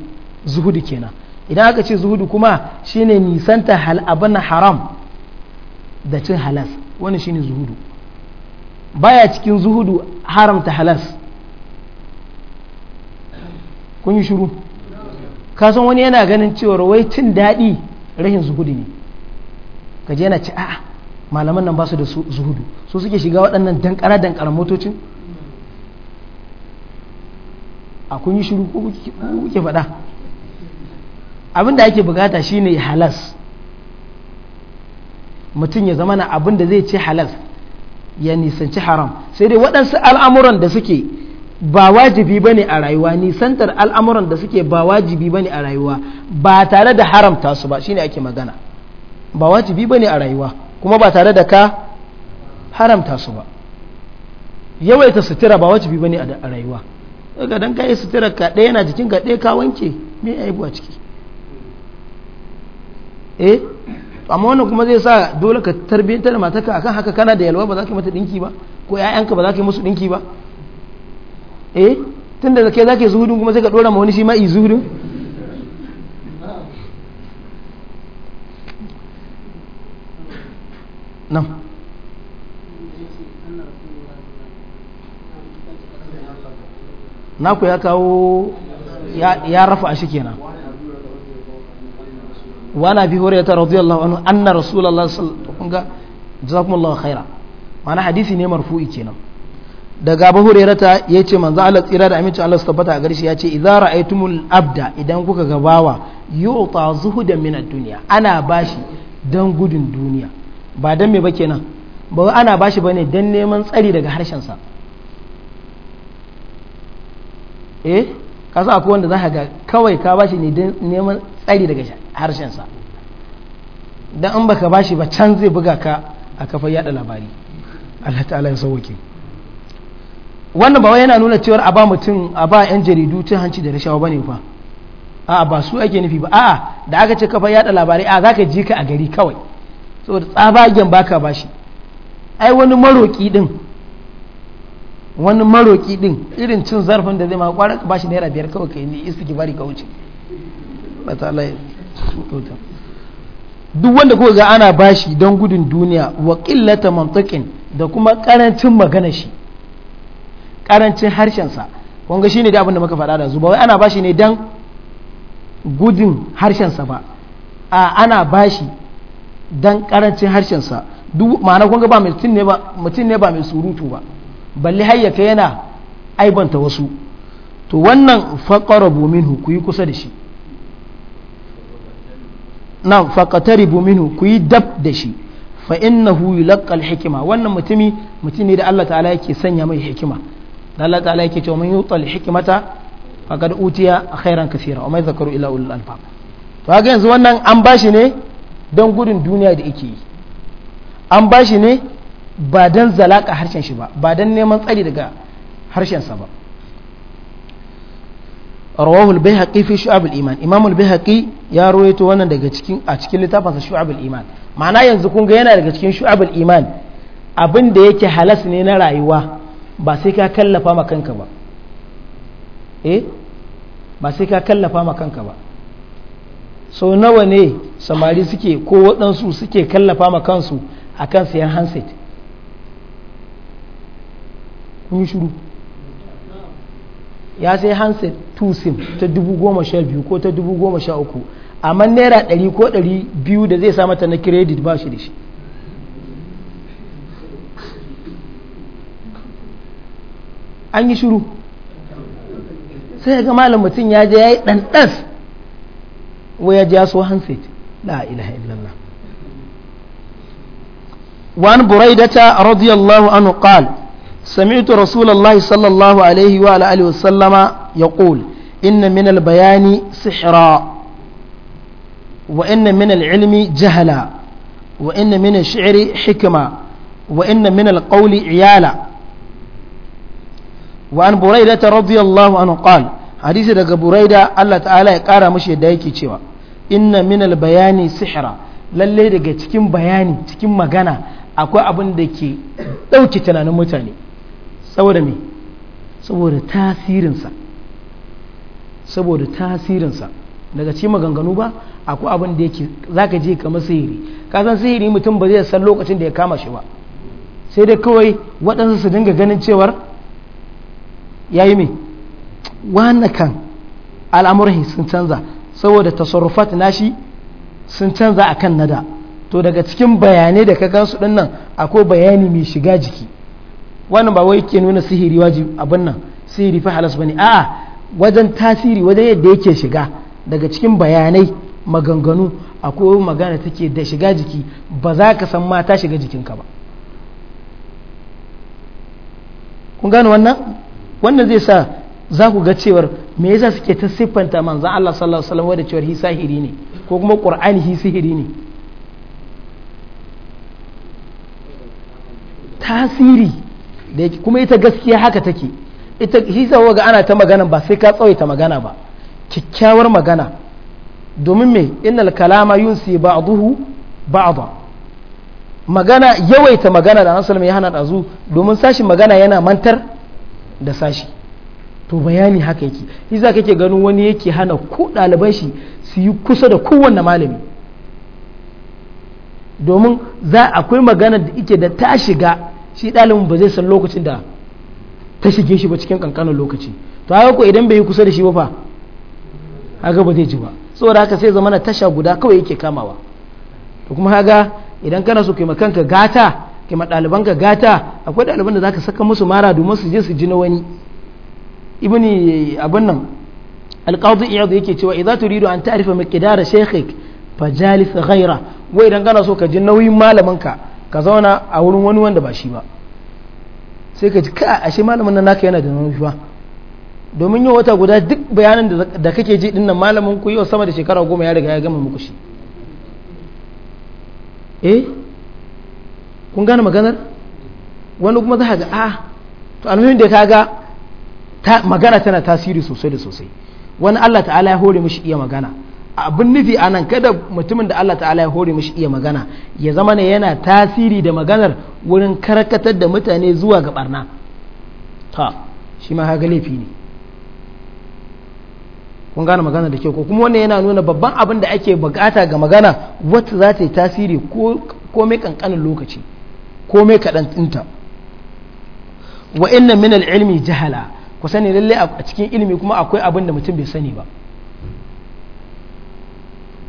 [SPEAKER 1] zuhudu kenan idan aka ce zuhudu kuma shine nisanta hal abin haram da cin halas wani shine zuhudu baya cikin zuhudu haramta halas kun yi shiru kasan wani yana ganin cewar wai cin daɗi rahin zuhudu ne kaje yana ci a'a malaman nan ba su da zuhudu su suke shiga waɗannan dankara dankara motocin a kun yi shiru ko kuke faɗa abin da ake bukata shine halas mutum ya zama na abin da zai ci halas ya nisanci haram sai dai waɗansu al'amuran da suke ba wajibi ba ne a rayuwa nisantar al'amuran da suke ba wajibi ba ne a rayuwa ba tare da haramta su ba shine ake magana ba wajibi ba ne a rayuwa kuma ba tare da ka haramta su ba yawaita sutura ba wajibi ba ne a rayuwa daga don ka yi sutura ka ɗaya na jikin ka ɗaya ka wanke me aibu ciki eh amma wannan kuma zai sa dole ka tarbiyyantar da matarka akan haka kana da yalwa ba za ka mata dinki ba ko ƴaƴanka ba za ka musu dinki ba eh tun da kai za ka zuhudin kuma sai ka dora ma wani shi ma zuhudin nan na ku ya kawo ya rafa a shi kenan wa na bi hurairah radiyallahu anhu anna rasulullahi sallallahu alaihi wasallam jazakumullahu khaira ma'ana hadisi ne marfu'i kenan daga abu ta ya ce manzo Allah tsira da amincin Allah su tabbata a garshi ya ce idza ra'aytumul abda idan kuka ga bawa yu'ta zuhudan min ad-dunya ana bashi dan gudun duniya ba dan me ba kenan ba ana bashi bane dan neman tsari daga harshen sa eh kasa akwai wanda zaka ga kawai ka bashi ne dan neman tsari daga harshensa don an baka bashi ba can zai buga ka a kafar yada labari Allah ta'ala ya sauke wannan ba yana nuna cewar a ba mutum a ba yan jaridu cin hanci da rashawa bane fa a'a ba su ake nufi ba a'a da aka ce kafar yada labari a zaka ji ka a gari kawai saboda tsabagen baka bashi ai wani maroki din wani maroki din irin cin zarfin da zai ma kwara bashi naira biyar kawai kai ne bari ka wuce Allah ta'ala duk wanda kuka ga ana bashi don gudun duniya wa ƙillata mantakin da kuma karancin magana shi karancin harshen sa shi ne da abin da muka faɗa da zuba wai ana bashi ne don gudun harshen sa ba a ana bashi don karancin harshen sa duk ma'ana kun ga ba mutum ne ba mai surutu ba balli hayyaka yana aibanta wasu to wannan faqarabu minhu ku yi kusa da shi nan fakatari buminu ku yi dab da shi fa innahu huyu hikima hikima wannan mutumi mutumi da Allah ta'ala yake sanya mai hikima da Allah ta'ala yake cewa man yutal hikimata faqad utiya khairan kaseera wa mai zakaru illa ulul albab to kaga yanzu wannan an bashi ne don gudun duniya da yake yi an bashi ne ba don zalaka harshen shi ba ba don neman tsari daga harshensa ba rawahu al-baihaqi fi shu'ab al-iman imam al-baihaqi ya rawaito wannan daga cikin a cikin littafinsa shu'ab al-iman ma'ana yanzu kun ga yana daga cikin shu'ab al-iman abin da yake halas ne na rayuwa ba sai ka kallafa ma kanka ba eh ba sai ka kallafa ma kanka ba sau nawa ne samari suke ko waɗansu suke kallafa ma kansu akan sayan handset kun yi shiru ya sai hanset 2 sim ta dubu goma sha biyu ko ta dubu goma sha uku amma naira ɗari ko ɗari biyu da zai samata na kiredit ba shi da shi an yi shuru sai ga malam mutum ya je ya yi ɗanɗas wa ya ja so handset la ilaha illallah وعن an رضي الله عنه سمعت رسول الله صلى الله عليه وآله وسلم يقول إن من البيان سحرا وإن من العلم جهلا وإن من الشعر حكمة وإن من القول عيالا وعن بريدة رضي الله عنه قال حديث دقى بريدة الله تعالى يقارى مشي دايكي شوى إن من البيان سحرا للي دقى تكين بياني تكين مغانا أكو أبن دكي دوكي تنانو متاني saboda mai saboda tasirinsa saboda tasirinsa daga ci maganganu ba akwai abin da yake za ka je kamar sihiri kasan sihiri mutum ba zai san lokacin da ya kama shi ba sai dai kawai waɗansu su dinga ganin cewar ya yi mai wanakan al'amurhi sun canza saboda tasarufat nashi sun canza a kan nada to daga cikin bayanai da ka gansu ɗin nan akwai bayani mai shiga jiki wannan ba wai ke nuna sihiri waji abin nan sihiri fa halas bane a'a wajen tasiri wajen yadda yake shiga daga cikin bayanai maganganu akwai magana take da shiga jiki ba za ka san ma ta shiga jikinka ba kun gane wannan wannan zai sa za ku ga cewar me yasa suke ta siffanta manzon Allah sallallahu alaihi wasallam da cewar hi sahiri ne ko kuma qur'ani hi sihiri ne tasiri kuma ita gaskiya haka take ita shi sa ga ana ta magana ba sai ka tsawaita magana ba kyakkyawar magana domin me innal kalama yunsi ba'dahu ba'da magana yawaita magana da annabi ya hana dazu domin sashi magana yana mantar da sashi to bayani haka yake shi za kake ganin wani yake hana ku ɗalibai shi su yi kusa da kowanne malami domin za akwai magana da ike da ta shiga shi ɗalibin ba zai san lokacin da ta shige shi ba cikin kankanin lokaci to haka ko idan bai yi kusa da shi ba fa haka ba zai ji ba saboda haka sai zamana tasha guda kawai yake kamawa to kuma haka idan kana so kai kanka gata kai ma ka gata akwai ɗaliban da zaka saka musu mara domin su je su ji na wani ibni abin nan alqadi iyad yake cewa idza turidu an ta'rifa miqdara shaykhik fajalis ghaira wai idan kana so ka ji nauyin ka ka zauna a wurin wani wanda ba shi ba sai ka ji ka ashe malamin nan naka yana da nufuwa domin yau wata guda duk bayanan da kake ji dinnan malamin ku yau sama da shekara goma ya riga ya gama muku shi eh kun gane maganar wani kuma za ga a to almuhim da ka ga magana tana tasiri sosai da sosai wani Allah ta'ala ya hore mishi iya magana abin nufi anan kada mutumin da Allah ta'ala ya hore mashi iya magana ya zama ne yana tasiri da maganar wurin karkatar da mutane zuwa ga barna ta shi ma haka laifi ne kun gane magana da ke ko kuma wannan yana nuna babban abin da ake bukata ga magana wata za ta yi tasiri ko mai kankanin lokaci ko mai kaɗan tinta wa ina min al'ilmi ilmi jahala ku sani lalle a cikin ilimi kuma akwai abin da mutum bai sani ba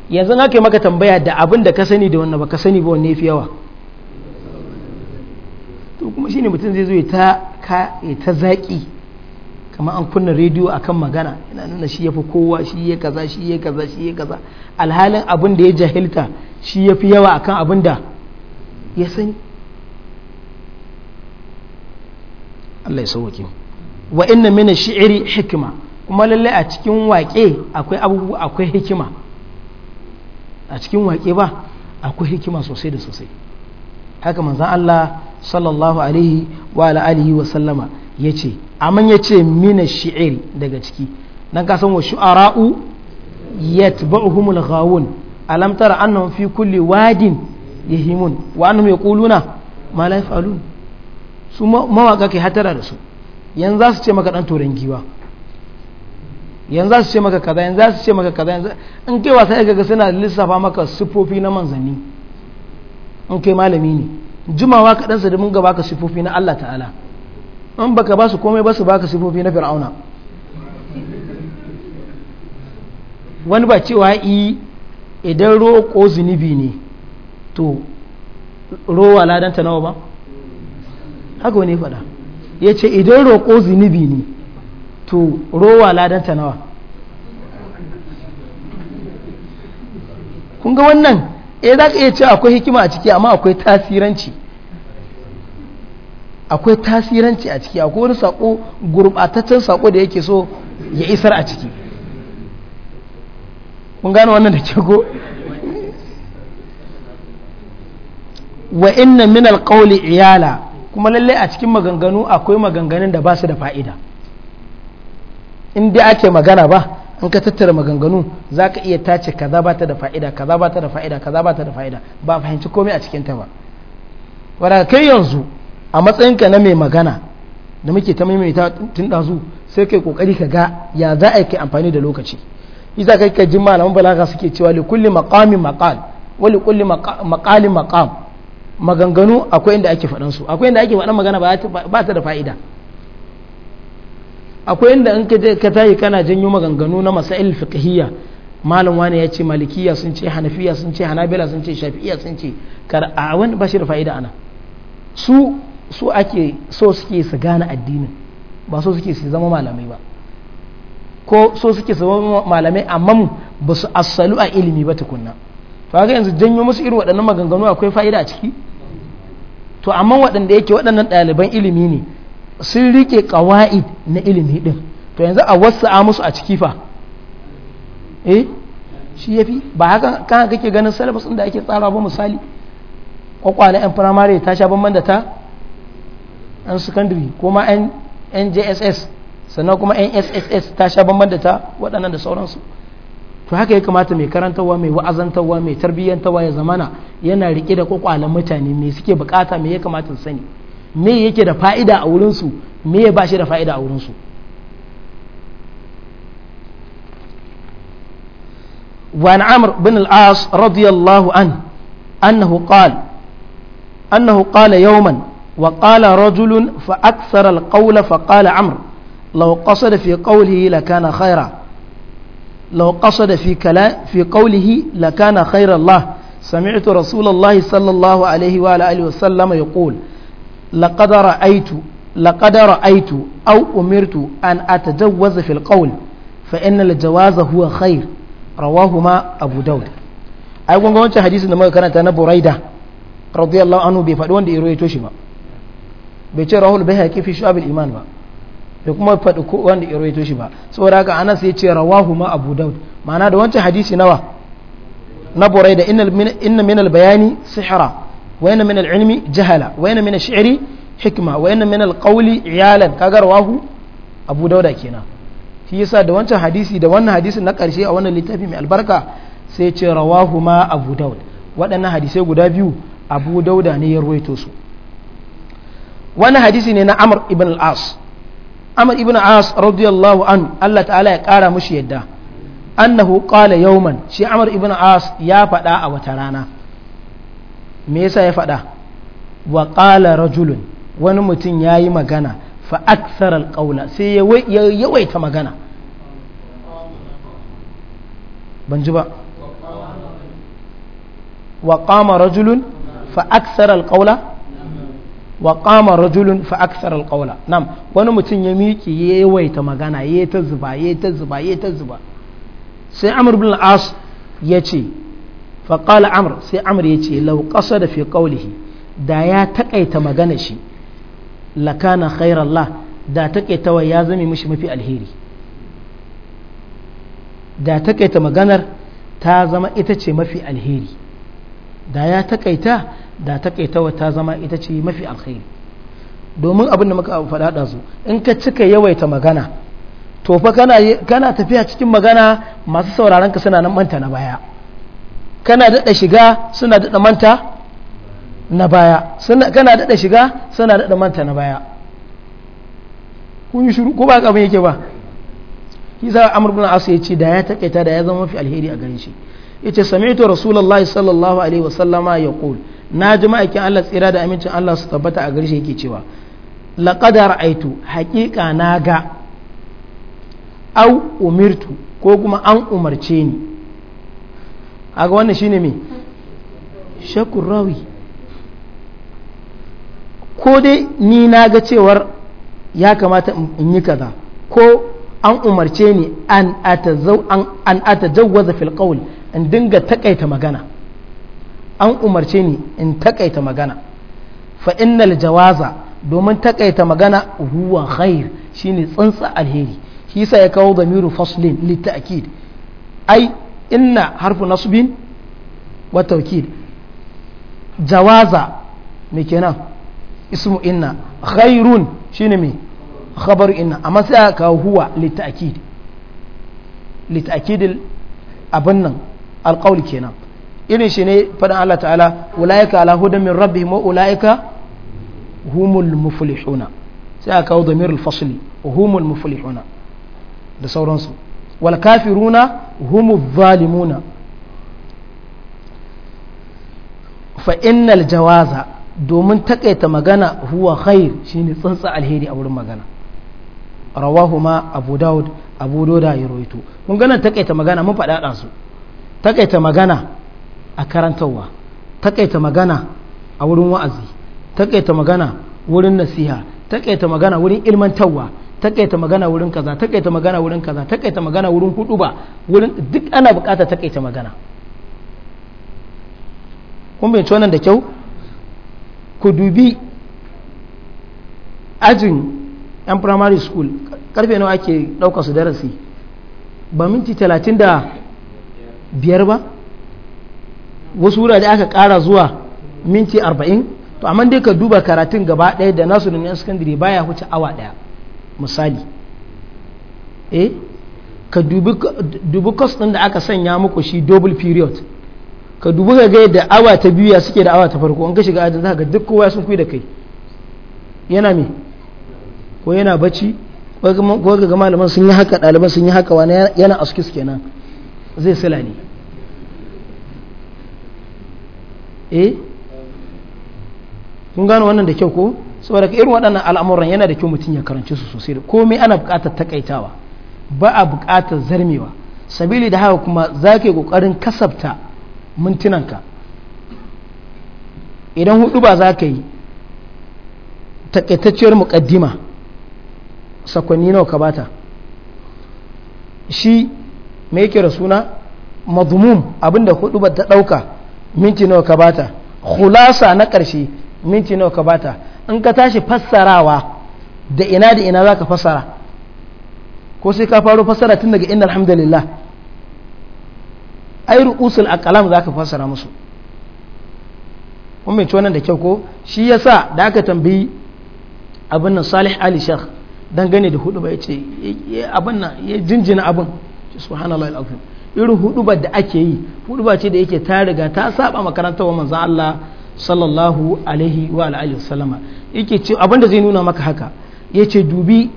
[SPEAKER 1] yanzu na kai maka tambaya da abin da ka sani da ba ka sani ba wanne fi yawa to kuma ne mutum zai zo ya ta ka ya ta zaki kamar an kunna rediyo akan magana yana nuna shi ya fi kowa shi ya kaza shi ya kaza shi ya kaza alhalin abin da ya jahilta shi ya fi yawa akan abin da ya sani Allah ya sauwake wa inna mina shi'iri hikima kuma lallai a cikin waƙe akwai abubuwa akwai hikima a cikin waƙe ba akwai hikima sosai da sosai haka manzan Allah sallallahu alaihi wa alihi wa sallama ya ce amman ya ce mina shi'ir daga ciki dan ka san wa shu'ara'u yatba'uhumul ghawun alam tara annahum fi kulli wadin yahimun wa annahum yaquluna ma la yaf'alun su mawaka kai hatara da su yanzu za su ce maka dan toren giwa yanzu za su ce maka kaza yanzu za su ce maka kaza yanzu in kai wasa ya gaga suna lissafa maka sifofi na manzanni in kai malami ne jimawa kaɗan su da mun gaba ka siffofi na Allah ta'ala in baka ba su komai ba su baka sifofi na fir'auna wani ba cewa i idan roƙo zunubi ne to rowa ladanta nawa ba haka wani faɗa ya ce idan roƙo zunubi ne to rowa ladanta nawa kun ga wannan eh za ka iya ce akwai hikima a ciki amma akwai tasiranci akwai tasiranci a ciki akwai wani sako gurbataccen sako da yake so ya isar a ciki kun gano wannan da ke go wa inna min alƙauli iyala kuma lallai a cikin maganganu akwai maganganun da ba su da fa'ida in dai ake magana ba in ka tattara maganganu za ka iya tace kaza ba ta da fa'ida kaza ba ta da fa'ida kaza ba ta da fa'ida ba fahimci komai a cikin ta ba wanda kai yanzu a matsayinka na mai magana da muke ta maimaita tun ɗazu sai kai kokari ka ga ya za a kai amfani da lokaci isa kai ka jin malaman balaga suke cewa li kulli maqami maqal wa li kulli maqali maqam maganganu akwai inda ake faɗan su akwai inda ake faɗan magana ba ta da fa'ida akwai inda in ka tashi kana janyo maganganu na masail fiqhiyya malam wani ya ce malikiya sun ce hanafiya sun ce hanabila sun ce shafi'iya sun ce kar a wani ba shi da fa'ida ana su su ake so suke su gane addinin ba so suke su zama malamai ba ko so suke su zama malamai amma ba su asalu a ilimi ba tukunna to haka yanzu janyo musu irin waɗannan maganganu akwai fa'ida a ciki to amma waɗanda yake waɗannan ɗaliban ilimi ne sun rike kawa'id na ilimi din to yanzu a wasu musu a ciki fa eh shi yafi ba haka kan kake ganin syllabus din da ake tsara ba misali kwakwa na yan firamare ta sha ban da ta yan secondary kuma yan yan sannan kuma NSSS ta sha ban da ta waɗannan da sauransu to haka ya kamata mai karantarwa mai wa'azantarwa mai tarbiyyantarwa ya zamana yana rike da kwakwalan mutane me suke bukata me ya kamata su sani me yake da fa'ida a wurinsu me ya ba shi da fa'ida a wurinsu وعن عمرو بن العاص رضي الله عنه أنه قال أنه قال يوما وقال رجل فأكثر القول فقال عمرو لو قصد في قوله لكان خيرا لو قصد في كلام في قوله لكان خير الله سمعت رسول الله صلى الله عليه وعلى آله وسلم يقول لقد رأيت لقد رأيت أو أمرت أن أتجوز في القول فإن الجواز هو خير رواهما أبو داود أي kun ga wancan hadisin da muka karanta na Buraida radiyallahu anhu bai faɗi wanda ya rawaito shi ba bai ce rahul bayhaqi fi shu'ab al-iman ba bai kuma faɗi ko wanda ya rawaito shi ba saboda haka Anas ya ce rawahuma Abu Daud ma'ana da hadisi nawa na bayani sihra وإن من العلم جهلا وإن من الشعر hikma wainamina yana iyalan kagar wahu abu dauda kenan shi yasa da wancan hadisi da wannan hadisi na karshe a wannan littafi albarka sai ce rawahu ma abu daud waɗannan hadisai guda biyu abu dauda ne ya ruwaito su wani hadisi ne na amr ibn al-as amr ibn as radiyallahu an Allah ta'ala ya kara mushi yadda annahu kwala yawman shi amr ibn as ya faɗa a wata rana me yasa ya faɗa wa qala rajulun wani mutum ya yi magana fa aksar alƙaula sai ya yawaita magana ban ji ba wa qama rajulun fa aksar alƙaula wa qama rajulun fa aksar alƙaula nam wani mutum ya miƙi ya yawaita magana ya ta zuba ya ta zuba ya ta zuba sai amr bin al-as ya ce فقال عمر سي عمر يتي لو قصد في قوله دا يا تقيت مغنشي لكان خير الله دا تقيت ويا زمي مشي مفي الهيري دا تقيت مغنر تا زما ita مفي mafi دا يا تقيت دا تقيت takaitawa ta zama ita ce mafi alheri domin abin da muka faɗa da su in ka cika yawaita magana to fa kana tafiya cikin magana masu sauraron ka suna nan manta na baya kana daɗa shiga suna daɗa manta na baya kana daɗa shiga suna daɗa manta na baya kun yi shuru ko ba abin yake ba kisa amr bin ya yace da ya takaita da ya zama mafi alheri a gare shi yace sami'tu rasulullahi sallallahu alaihi wa sallama yaqul na ji ma'aikin Allah tsira da amincin Allah su tabbata a gare shi yake cewa laqad ra'aitu haqiqa na ga au umirtu ko kuma an umarce ni aga wannan shi ne me shakun rawi ko dai ni na ga cewar ya kamata in yi kaza ko an umarce ni an zau fil filkawul in dinga takaita magana an umarce ni in takaita magana fa jawaza domin takaita magana huwa khair shine tsuntsa alheri shi ya kawo zamiru faslin litta'kid ai inna harfu nasbin wa taukid jawaza me kenan ismu inna khairun shine me khabaru inna amma sai aka kawo huwa litakid litakid abin nan alqaul kenan irin shi ne faɗin Allah ta'ala ulaika ala hudan min rabbihim wa ulaika humul muflihuna sai aka kawo damirul fasli humul muflihuna da sauransu wal kafiruna humu zalimuna fa jawaza domin takaita magana huwa khair shine tsantsa alheri a wurin magana rawahu ma abu daud abu doda ya rawaito kun gana takaita magana mun faɗaɗa su takaita magana a karantarwa takaita magana a wurin wa'azi takaita magana wurin nasiha takaita magana wurin ilmantarwa takaita magana wurin kaza takaita magana wurin kaza takaita magana wurin hudu ba wurin duk ana bukata takaita magana kun bai nan da kyau ku dubi ajin yan primary school karfe nawa ake ɗaukar su darasi ba minti talatin da biyar ba wasu wurare aka kara zuwa minti arba'in to amma dai ka duba karatun gaba ɗaya da nasu da nan baya huce awa ɗaya misali eh ka dubi kwas din da aka sanya muku shi double period ka dubi ka ga yadda awa ta biyu ya suke da awa ta farko an ka shiga ajin za ga duk kowa sun kuyi da kai yana me ko yana bacci ko ga malaman sun yi haka ɗaliban sun yi haka wani yana askis kenan zai sila ne eh kun gano wannan da kyau ko saboda irin waɗannan al'amuran yana da kyau mutum ya karanci su sosai da komai ana buƙatar takaitawa ba a buƙatar zarmewa sabili da haka kuma za ka yi ƙoƙarin kasafta mintunanka idan hudu ba za ka yi takaitacciyar muƙaddima sakonni nawa ka bata shi me yake da suna mazumum abinda hudu ba ta ɗauka minti nawa ka bata khulasa na ƙarshe minti nawa ka bata in ka tashi fassarawa da ina da ina za ka fassara ko sai ka faro fassara tun daga inna alhamdulillah ai ru'usul aqlam za ka fassara musu mai binci wannan da kyau ko shi yasa da aka tambayi abin nan salih ali shekh dangane da hudu ba abin nan ya jinjina abin subhanallahi al'azim irin hudu da ake yi hudu ce da yake ta riga ta saba makarantar wa manzan Allah sallallahu alaihi wa alihi wasallama yake ce abinda zai nuna maka haka ya ce dubi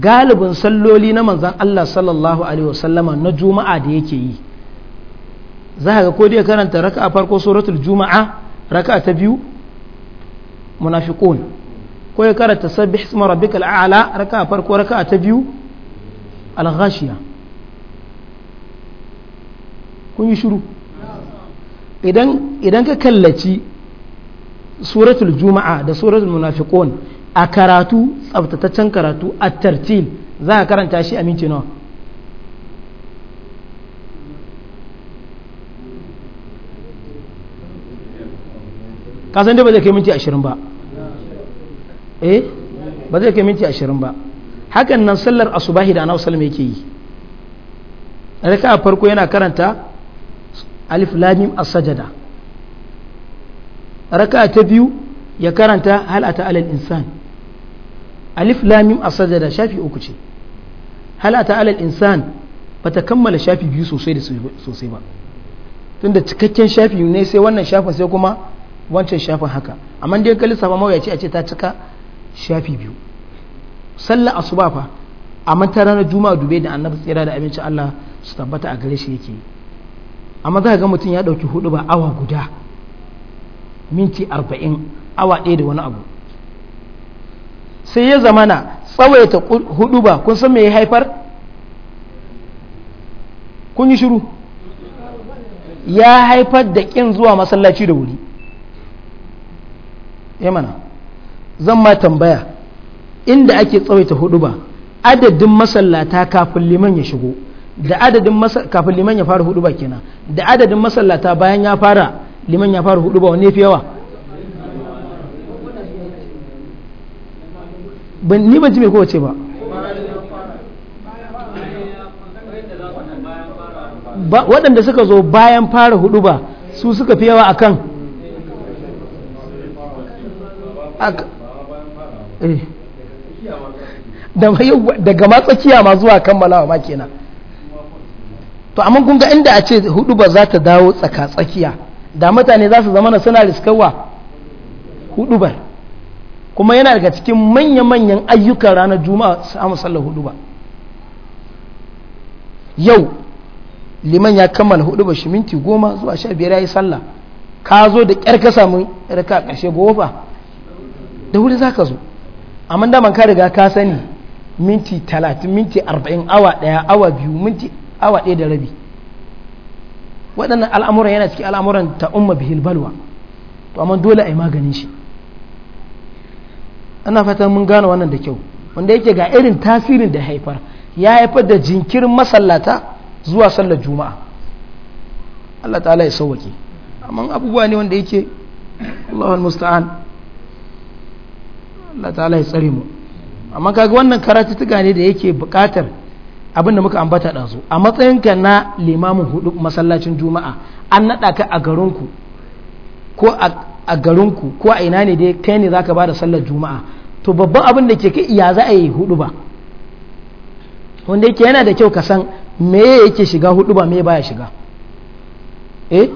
[SPEAKER 1] galibin salloli na manzan Allah sallallahu alaihi wasallama na juma'a da yake yi za ga ko dai karanta raka'a farko suratul juma'a raka'a ta biyu munafiqun ko ya karanta sabbih isma rabbikal a'la raka'a farko raka'a ta biyu al-ghashiya kun yi shiru idan ka kallaci suratul juma'a da suratul munafiqun a karatu tsaftataccen karatu a tartil za a karanta shi a minti nawa Ka san dai ba zai kai minti ashirin ba eh ba zai kai minti ashirin ba hakan nan sallar asubahi da anahu salama yake yi raka farko yana karanta alif lamim as-sajada raka'a ta biyu ya karanta hal ata alal insan alif lam mim asajada shafi uku ce hal ata alal insan ta kammala shafi biyu sosai da sosai ba tunda cikakken shafi ne sai wannan shafin sai kuma wancan shafin haka amma dai kalli lissafa mawuyaci a ce ta cika shafi biyu sallar asuba fa a ta ranar juma'a dube da annabi tsira da abincin Allah su tabbata a gare shi yake amma za ka ga mutum ya dauki hudu ba awa guda minti arba'in awa ɗaya da wani abu sai ya zama na tsawaita hudu ba kun san me ya haifar kun yi shiru ya haifar da ƙin zuwa masallaci da wuri mana zan ma tambaya inda ake tsawaita hudu ba adadin masallata kafin liman ya shigo da adadin masallata kafin liman ya fara hudu ba kenan da adadin masallata bayan ya fara liman ya fara hudu ba wanne fi yawa
[SPEAKER 2] ni ban ji mai kowace
[SPEAKER 1] ba waɗanda suka zo bayan fara hudu ba su suka fi yawa akan eh. daga ma tsakiya ma zuwa kammalawa ma kenan to amma kun ga inda a ce hudu ba za ta dawo tsaka tsakiya da mutane za su zama na suna riskawa hudubar kuma yana daga cikin manya-manyan ayyukan ranar juma'a samun sallar ba yau liman ya kammala ba shi minti goma zuwa sha biyar ya yi sallah ka zo da ƙyar ka samu raka ƙarshe gofa da wuri za ka zo amma daman ka riga ka sani minti talatin minti arba'in awa ɗaya awa biyu minti awa ɗaya da rabi waɗannan al'amuran yana cikin al'amuran ta umma bihil balwa to amma dole a yi maganin shi ana fatan mun gane wannan da kyau wanda yake ga irin tasirin da haifar ya haifar da jinkirin masallata zuwa sallar juma'a Allah ta'ala ya sauwake amma abubuwa ne wanda yake Allahul musta'an Allah ta'ala ya tsare mu amma kaga wannan karatu tuga ne da yake buƙatar abinda muka ambata ɗansu a matsayinka na limamin hudu masallacin juma'a an naɗa ka a garinku ko a garinku ko a ina ne dai kai ne zaka ba da sallar juma'a to babban abin da ke kai ya za a yi hudu ba wanda yake yana da kyau ka san me yake shiga hudu ba me baya shiga eh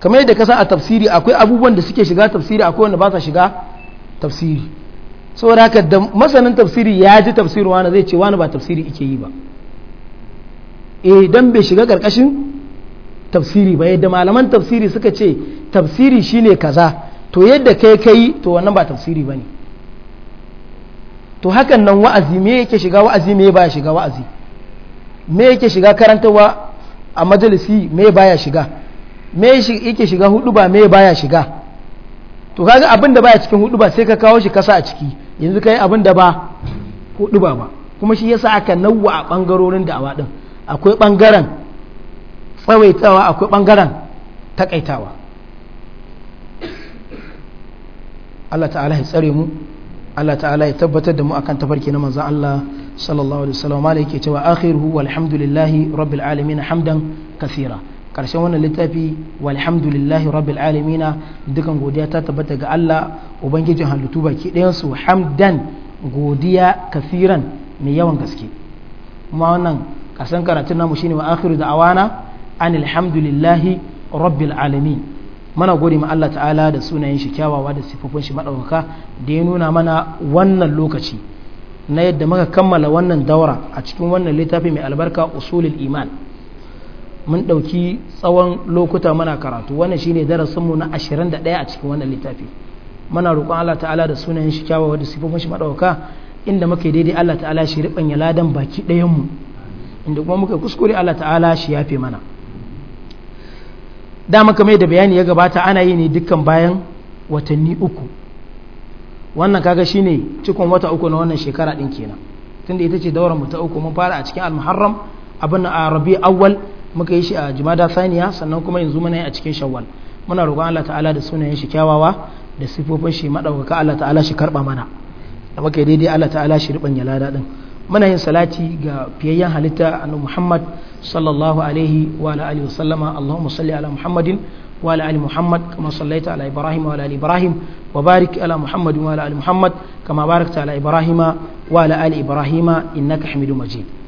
[SPEAKER 1] kamar yadda ka san a tafsiri akwai abubuwan da suke shiga tafsiri akwai wanda ba sa shiga tafsiri saboda haka da masanin tafsiri ya ji tafsirin wani zai ce wani ba tafsiri ike yi ba Idan eh, bai shiga karkashin tafsiri ba yadda malaman tafsiri suka ce tafsiri shine kaza to yadda kai kai to wannan ba tafsiri bane to hakan nan wa'azi me yake shiga wa'azi me baya shiga wa'azi me yake shiga karantawa a majalisi me baya shiga me yake shiga hudu ba me baya shiga to kaga abin da baya cikin hudu ba sai ka kawo shi kasa a ciki yanzu kai abin da ba hudu ba ba kuma shi yasa aka nawwa a bangarorin da'awa din akwai ɓangaren tsawaitawa akwai ɓangaren takaitawa Allah ta'ala ya tsare mu Allah ta'ala ya tabbatar da mu akan tafarki na manzon Allah sallallahu alaihi wasallam mala yake cewa akhiruhu walhamdulillahi rabbil alamin hamdan kathira karshen wannan littafi walhamdulillahi rabbil alamin dukan godiya ta tabbata ga Allah ubangijin halittu baki ɗayan su hamdan godiya kafiran mai yawan gaske kuma wannan kasan karatun namu shine wa akhiru da'awana anil hamdulillahi rabbil alamin mana gode ma Allah ta'ala da sunayen shi kyawawa da sifofin shi madaukaka da ya nuna mana wannan lokaci na yadda muka kammala wannan daura a cikin wannan littafi mai albarka usulul iman mun dauki tsawon lokuta muna karatu wannan shine darasin mu na 21 a cikin wannan littafi muna roƙon Allah ta'ala da sunayen shi kyawawa da sifofin shi madaukaka inda muke daidai Allah ta'ala shi riban ya ladan baki ɗayan mu inda kuma muka kuskure Allah ta'ala shi yafe mana da dama kamar da bayani ya gabata ana yi ne dukkan bayan watanni uku wannan kaga shi ne cikon wata uku na wannan shekara din kenan tunda ita ce daura mu ta uku mun fara a cikin al-muharram abin a rabi awwal muka yi shi a jumada saniya sannan kuma yanzu muna yi a cikin shawwal muna roƙon Allah ta'ala da sunayen shi kyawawa da sifofin shi madaukaka Allah ta'ala shi karba mana da muka daidai Allah ta'ala shi riban ya lada din muna yin salati ga fiyayyen halitta annabi Muhammad sallallahu alaihi wa ala alihi wasallama Allahumma salli ala Muhammadin wa ala ali Muhammad kama sallaita ala Ibrahim wa ala ali Ibrahim wa barik ala Muhammad wa ala ali Muhammad kama barakta ala Ibrahim wa ala ali Ibrahim innaka Hamidum Majid